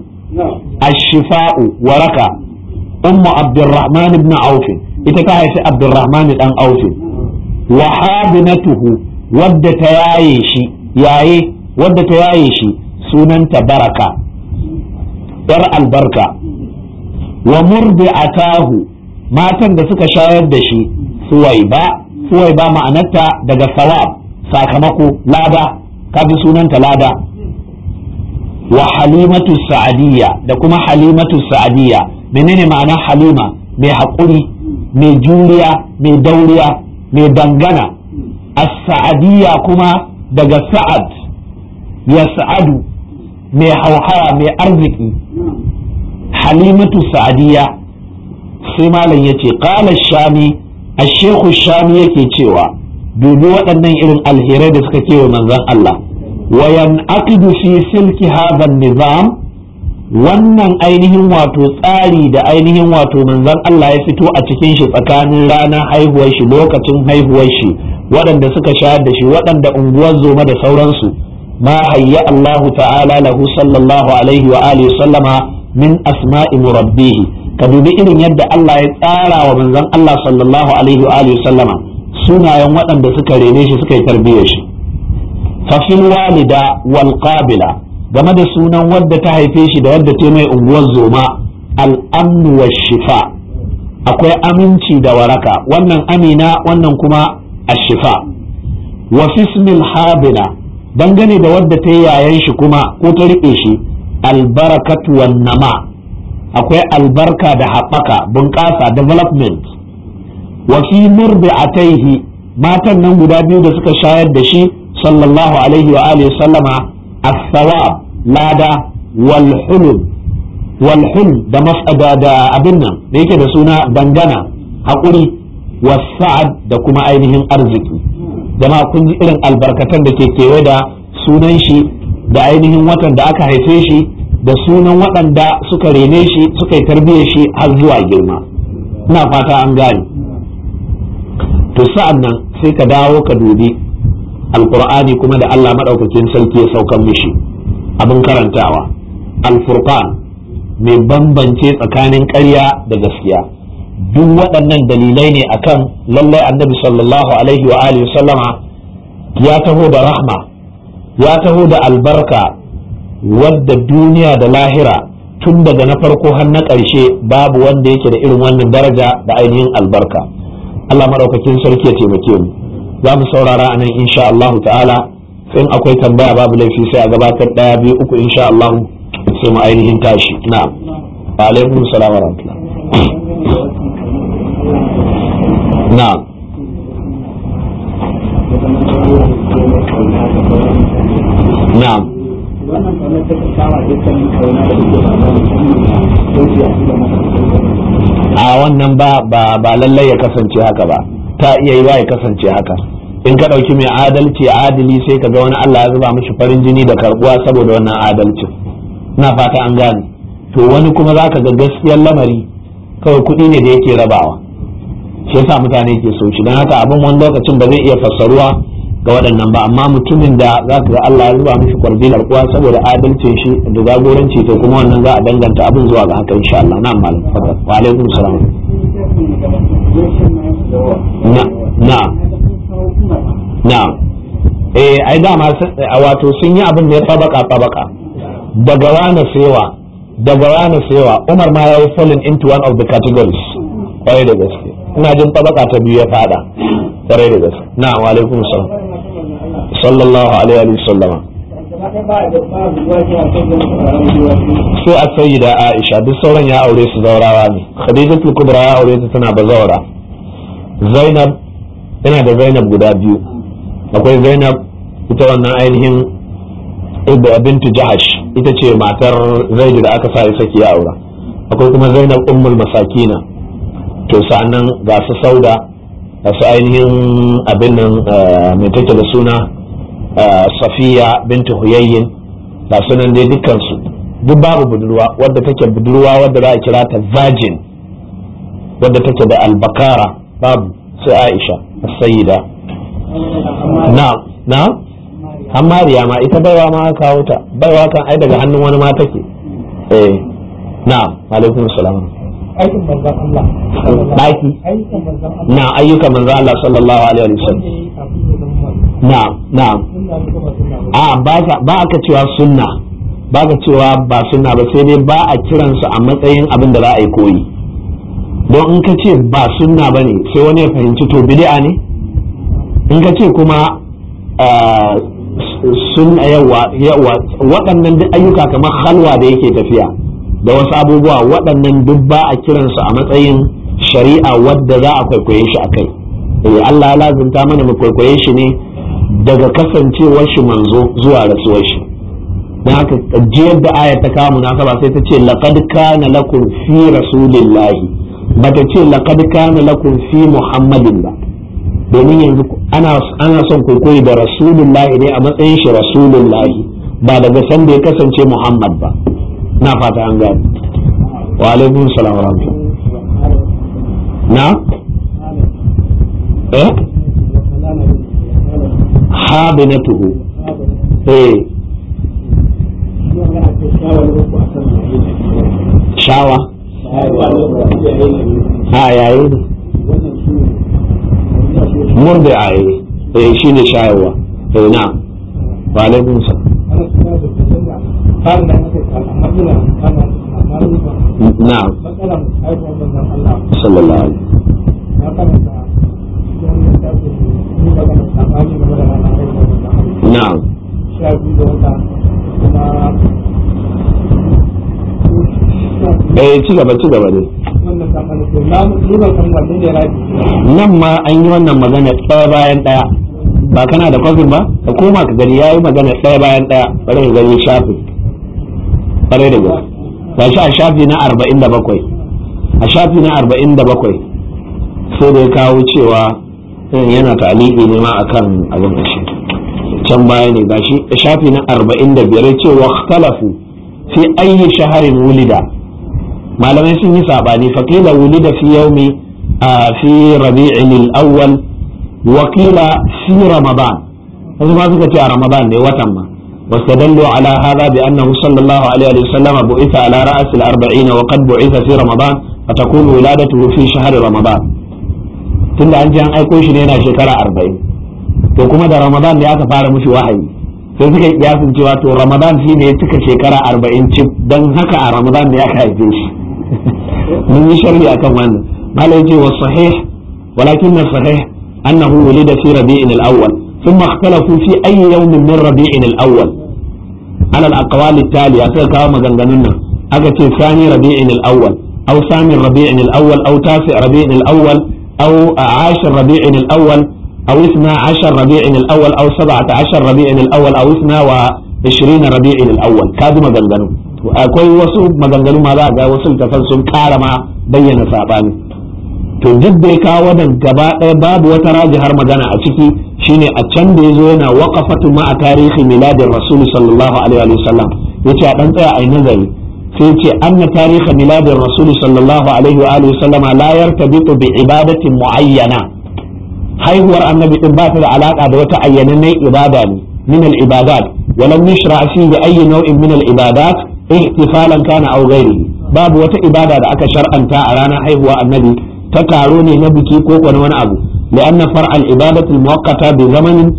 ashifa'u waraka ummu abdurrahman ibn auf ita ta haifi abdurrahman dan auf wa habinatuhu wadda ta yaye shi yaye wadda ta yaye shi sunanta baraka yar albarka wa murdi atahu matan da suka shayar da shi suwaiba suwaiba ma'anarta daga sawab sakamako lada kaji sunanta lada wa halimatu sa'adiyya da kuma halimatu sa'adiyya menene ma'ana halima mai haƙuri mai juriya mai dauriya mai dangana as-sa'adiyya kuma daga sa'ad ya sa'adu mai hauhara mai arziki halimatu sa'adiyya sai malam yace qala shami a shehu shami yake cewa dubi waɗannan irin alherai da suka kewa manzan Allah Wayan yanqidu fi silki hadha nizam wannan ainihin wato tsari da ainihin wato manzon Allah ya fito a cikin shi tsakanin ranar haihuwar shi lokacin haihuwar shi waɗanda suka shayar da shi waɗanda unguwar zoma da sauransu ma hayya Allah ta'ala lahu sallallahu alaihi wa alihi sallama min asma'i murabbihi ka dubi irin yadda Allah ya tsara wa manzan Allah sallallahu alaihi wa alihi sallama sunayen waɗanda suka rene shi suka yi tarbiyyar shi fafil walida wal qabila game da sunan wadda ta haife shi da wadda ta mai unguwar zoma al'amnu wa shifa akwai aminci da waraka wannan amina wannan kuma ashifa wa fismil habila dangane da wadda ta yi yayan shi kuma ko ta riƙe shi albarakatu wan nama akwai albarka da haɓaka bunƙasa development wa fi murdi'ataihi matan nan guda biyu da suka shayar da shi sallallahu alaihi wa alihi sallama as-sawab lada walhul da mas'ada da abin nan da yake da suna dangana haƙuri wa sa'ad da kuma ainihin arziki jama'a kun ji irin albarkatan da ke kewa da sunan shi da ainihin watan da aka haife shi da sunan waɗanda suka rene shi suka yi tarbiyyar shi har zuwa girma ina fata an gane to sa'an nan sai ka dawo ka dubi alkur'ani kuma da Allah madaukakin sarki ya saukan mishi abin karantawa alfurqan mai bambance tsakanin ƙarya da gaskiya duk waɗannan dalilai ne akan lallai annabi sallallahu alaihi wa alihi sallama ya taho da rahma ya taho da albarka wadda duniya da lahira tun daga na farko har na ƙarshe babu wanda yake da irin wannan daraja da ainihin albarka Allah maraukakin sarki ya taimake mu za mu saurara anan insha Allah ta'ala in akwai tambaya babu laifi sai a gabatar daya biyu uku insha Allah sai mu ainihin tashi na'am wa alaikum salam wa rahmatullah na'am na'am wannan kamar ta kawo da Na kauna da a wannan ba ba lallai ya kasance haka ba ta iya yi ya kasance haka in ka ɗauki mai adalci adali sai ka ga wani Allah ya zuba mishi farin jini da karbuwa saboda wannan adalcin na fata an gane to wani kuma za ka ga gaskiyar lamari kawai kuɗi ne da yake rabawa shi yasa mutane ke so shi don haka abin wani lokacin ba zai iya fassaruwa ga waɗannan ba amma mutumin da za ka ga Allah ya zuba mishi kwarbilar kuwa saboda adalcin shi da jagoranci to kuma wannan za a danganta abin zuwa ga haka insha Allah na malam fakat wa alaikum salam na na na eh ai da a wato sun yi abin da ya tabaka tabaka daga rana sewa daga rana sewa Umar ma ya yi into one of the categories kai da gaske ina jin tabaka ta biyu ya fada ƙwarai da gaske na'am alaikum salam sallallahu alaihi wa sallama su a sayi da aisha duk sauran ya aure su zaurawa ne khadijatul kubra ya aure ta tana bazawara zainab yana da zainab guda biyu akwai zainab ita wannan ainihin ibda bintu jahash ita ce matar zaidu da aka sa saki ya aura akwai kuma zainab ummul masakina to sa'annan ga su sauda su ainihin abin nan eh, mai take da suna eh, safiya binta huyayyin ba sunan dai dukkansu duk babu budurwa wadda take budurwa wadda za a kira ta virgin wadda take da albakara babu sai aisha sayida na na hammariya ma ita baiwa ma kawo ta baiwa kan ai daga hannun wani ma take eh na alaikum salam aikin manzon Allah daki na ayyukan manzon Allah sallallahu alaihi wasallam na na a ba ba aka cewa sunna ba ka cewa ba sunna ba sai dai ba a kiransu a matsayin abin da za a yi koyi don in ka ce ba sunna ba ne sai wani ya fahimci to bid'a ne in ka ce kuma sunna yawa waɗannan duk ayyuka kamar halwa da yake tafiya da wasu abubuwa waɗannan duk ba a kiransu a matsayin shari'a wadda za a kwaikwaye shi a kai eh, Allah ya lazimta mana mu kwaikwaye shi ne daga kasancewar shi manzo zuwa rasuwar shi don haka jiyar da aya ta kawo sai ta ce laqad kana lakum fi rasulillahi bata ce laqad kana lakum fi muhammadin ba domin yanzu ana son kwaikwayo da rasulullahi ne a matsayin shi rasulullahi ba daga san da ya kasance muhammad ba na fata an gani wa alaikun salam wa na eh habinatuhu eh shawa ha yayi mun da yi eh shine shayarwa eh na wa alaikun salam na'am sallallahu alaihi na'am eh ci gaba ci gaba dai nan ma an yi wannan magana ɗaya bayan ɗaya ba kana da kwafin ba ka koma ka gani ya yi magana ɗaya bayan ɗaya bari ka gani shafin ƙwarai da gaske ga shi a shafi na arba'in da bakwai a shafi na arba'in da bakwai sai da ya kawo cewa eh, yana ta'aliki ne ma akan abin shi can baya ne ga shi a shafi na arba'in da biyar wa talafu fi ayyi shaharin wulida malamai sun yi sabani fakila wulida fi yaumi a fi rabi'in al-awwal wakila fi ramadan wasu ma suka ce a ramadan ne watan ma واستدلوا على هذا بأنه صلى الله عليه وسلم بعث على رأس الأربعين وقد بعث في رمضان فتكون ولادته في شهر رمضان tunda an ji an aiko shi ne yana shekara arba'in to kuma da ramadan ne aka fara mushi wahayi sai suka kiyasin cewa to ramadan shi ne cika shekara arba'in cif don haka a ramadan ne aka haife shi mun yi sharhi akan wannan malai ce wa sahih walakin na sahih annahu wulida fi rabi'in al-awwal thumma ikhtalafu min rabi'in al على الأقوال التالية أصير كاو مغنغننا أغتي ثاني ربيع الأول أو ثاني ربيع الأول أو تاسع ربيع الأول أو عاشر ربيع الأول أو اثنا عشر ربيع الأول أو سبعة عشر ربيع الأول أو اثنى وعشرين ربيع الأول كاد مغنغنو أكوي وصوب مغنغنو ماذا أغا وصل تفلسل كارما بيّن صعباني to duk da ya kawo wadan gaba ɗaya babu wata rajihar magana a ciki shine a can da ya zo yana waƙafatu ma a tarihi miladin rasul sallallahu alaihi wa sallam yace a dan tsaya ai nazari sai ce anna tarihi miladin rasul sallallahu alaihi wa alihi sallama la yartabitu bi ibadatin muayyana haihuwar annabi din ba ta da alaka da wata ayyanannen ibada ne min al ibadat ولم يشرع nau'in بأي نوع من العبادات احتفالا كان أو غيره babu wata ibada da aka shar'anta a ranar haihuwa annabi ta taro ne na biki ko kwanu wani abu li'anna far'al ibadatu muwaqqata bi zamanin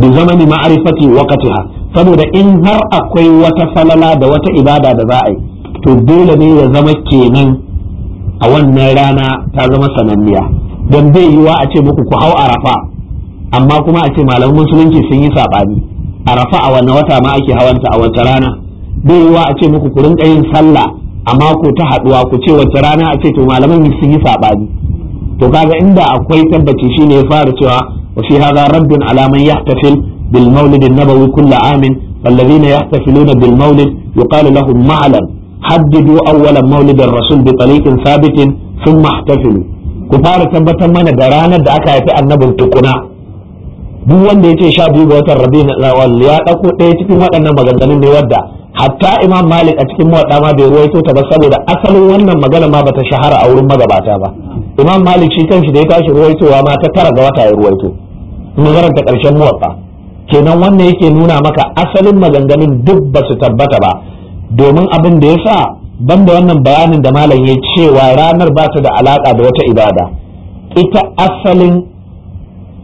bi zamani ma'rifati waqtiha saboda in har akwai wata falala da wata ibada da za a yi to dole ne ya zama kenan a wannan rana ta zama sananniya don bai yiwa a ce muku ku hau arafa amma kuma a ce malamin musulunci sun yi saɓani arafa a wani wata ma ake hawanta a wata rana bai yiwa a ce muku ku rinka sallah amma ko ta haduwa ku ce wace rana a ce to malaman sun yi sabani to kaga inda akwai tabbaci shine ya fara cewa wa fi hadha raddun ala man yahtafil bil maulid an-nabawi kull amin فالذين يحتفلون بالمولد يقال لهم معلم حددوا أول rasul الرسول بطريق ثابت ثم احتفلوا ku fara tabbatar mana da ranar da aka haifi annabin tukuna duk wanda ya ce sha biyu ga watan rabi na lawal ya ɗauko ɗaya cikin waɗannan maganganun ne wadda hatta imam malik a cikin mawaɗa ma bai ruwaito ta ba saboda asalin wannan magana ma bata shahara a wurin magabata ba imam malik shi kanshi da ya tashi ruwaitowa ma ta tara ga wata ya ruwaito maganar ta karshen muwaɗa kenan wannan yake nuna maka asalin maganganun duk ba su tabbata ba domin abin da ya sa banda wannan bayanin da malam ya cewa ranar ba ta da alaka da wata ibada ita asalin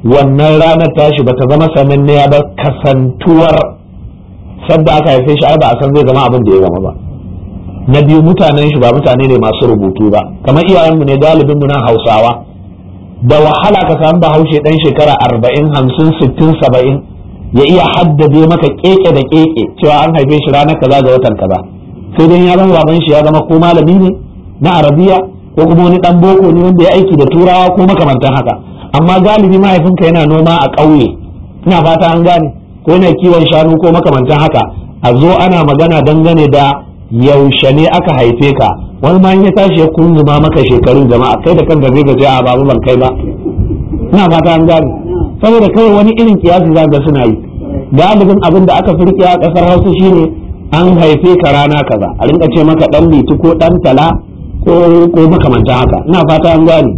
wannan ranar tashi ba ta zama sananne ba kasantuwar sadda aka haife shi ai ba a san zai zama abin da ya zama ba na biyu mutanen shi ba mutane ne masu rubutu ba kamar iyayenmu ne galibin mu nan hausawa da wahala ka samu bahaushe dan shekara arba'in hamsin sittin saba'in ya iya haddabe maka keke da keke cewa an haife shi ranar kaza ga watan kaza sai dai ya zama baban shi ya zama ko malami ne na arabiya ko kuma wani dan boko ne wanda ya aiki da turawa ko makamantan haka amma galibi mahaifinka yana noma a ƙauye ina fata an gane ko yana kiwon shanu ko makamancin haka a zo ana magana dangane da yaushe ne aka haife ka wani ma ya tashi ya kunzuma maka shekarun jama'a kai da kanka zai gaje a babu ban kai ba ina fata an gane saboda kawai wani irin kiyasi za ga suna yi galibin abin da aka firke a kasar hausa shine an haife ka rana kaza a rinka ce maka dan litu ko dan tala ko ko haka ina fata an gane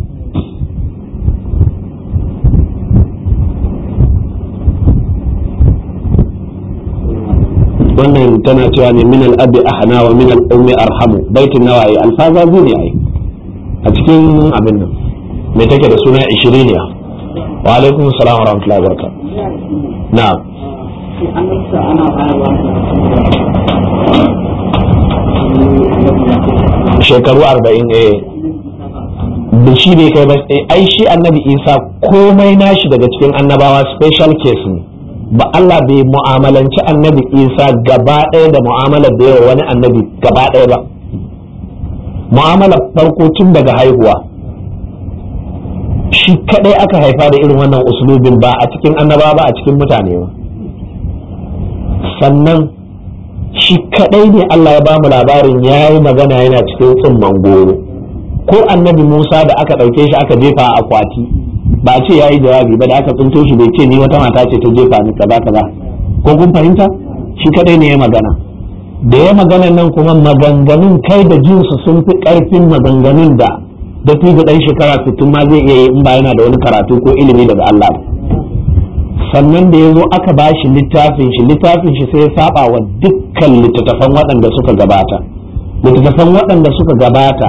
tana cewa ne min al-abi ahna wa min al-ummi arhamu baitin nawawi alfaza zu ne ai a cikin abin nan me take da suna 20 ne wa alaikum assalam wa rahmatullahi wa barakatuh na shekaru 40 eh da shi ne kai ba eh, ai shi annabi isa komai nashi daga cikin annabawa special case ne ba Allah bai mu'amalanci annabi Isa gaba ɗaya da mu'amalar da yawa wani annabi gaba ɗaya ba mu'amalar farko tun daga haihuwa shi kadai aka haifa da irin wannan usulubin ba a cikin annaba ba a cikin mutane ba sannan shi kadai ne Allah ya bamu labarin ya yi magana yana cikin tsumman goro ko annabi Musa da aka ɗauke shi aka jefa a akwati ba a ce ya yi jawabi ba da aka tsinto shi bai ce ni wata mata ce ta jefa ni kaza kaza ko kun fahimta shi kadai ne ya magana da ya magana nan kuma maganganun kai da jinsu sun fi karfin maganganun da da ga dan shekara 60 ma zai iya yi in ba yana da wani karatu ko ilimi daga Allah sannan da ya zo aka bashi shi littafin shi littafin shi sai ya saba wa dukkan littattafan waɗanda suka gabata littattafan waɗanda suka gabata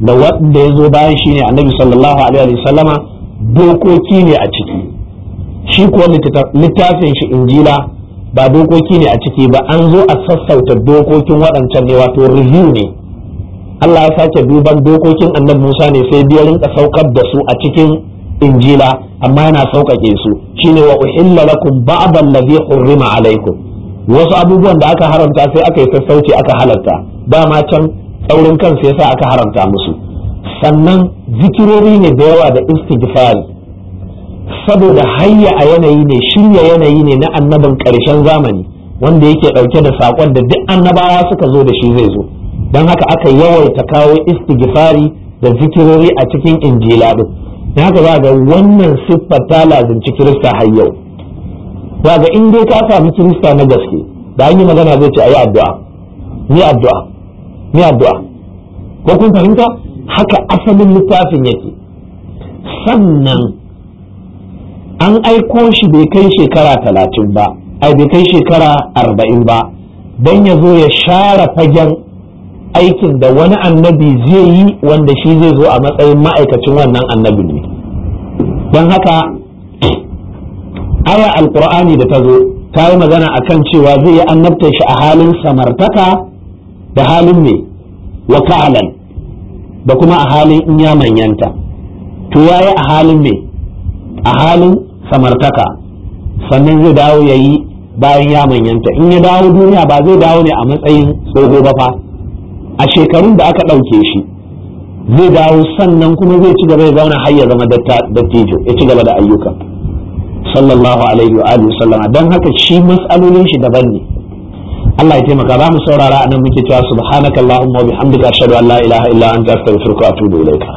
da wanda ya zo bayan shi ne annabi sallallahu alaihi wa dokoki ne a ciki shi kuwa littafin shi injila ba dokoki ne a ciki ba an zo a sassauta dokokin waɗancan ne wato review ne Allah ya sake duban dokokin annabi Musa ne sai biya rinka saukar da su a cikin injila amma yana sauƙaƙe su shine wa uhilla lakum ba'd allazi hurrima alaikum wasu abubuwan da aka haramta sai aka yi sassauci aka halarta dama can tsaurin kansu yasa aka haramta musu sannan zikirori ne da yawa da istighfar saboda hayya a yanayi ne shirya yanayi ne na annabin ƙarshen zamani wanda yake ɗauke da sakon da duk annabawa suka zo da shi zai zo don haka aka yawaita kawo istighfari da zikirori a cikin injila din don haka za ga wannan siffar ta lazimci kirista har yau za ga in dai ka sami kirista na gaske da an yi magana zai ce a yi addu'a ni addu'a ni addu'a ko kun fahimta haka asalin littafin yake sannan an aiko shi bai kai shekara talatin ba ai bai kai shekara arba'in ba don ya zo ya share fagen aikin da wani annabi zai yi wanda shi zai zo a matsayin ma'aikacin wannan annabin ne don haka aya alkur'ani da ta zo ta yi magana a kan cewa zai yi annabta shi a halin samartaka da halin mai wa ka'alan da kuma a halin in ya manyanta to yayi a halin me a halin samartaka sannan zai dawo ya yi bayan ya manyanta in ya dawo duniya ba zai dawo ne a matsayin tsoho ba fa a shekarun da aka ɗauke shi zai dawo sannan kuma zai ci gaba ya zauna har ya zama dattijo ya ci gaba da ayyuka sallallahu alaihi wa sallama don haka shi matsalolin shi daban ne Allah ya taimaka za mu saurara anan muke cewa subhanakallahumma wa bihamdika ashhadu an la ilaha illa anta astaghfiruka wa atubu ilaika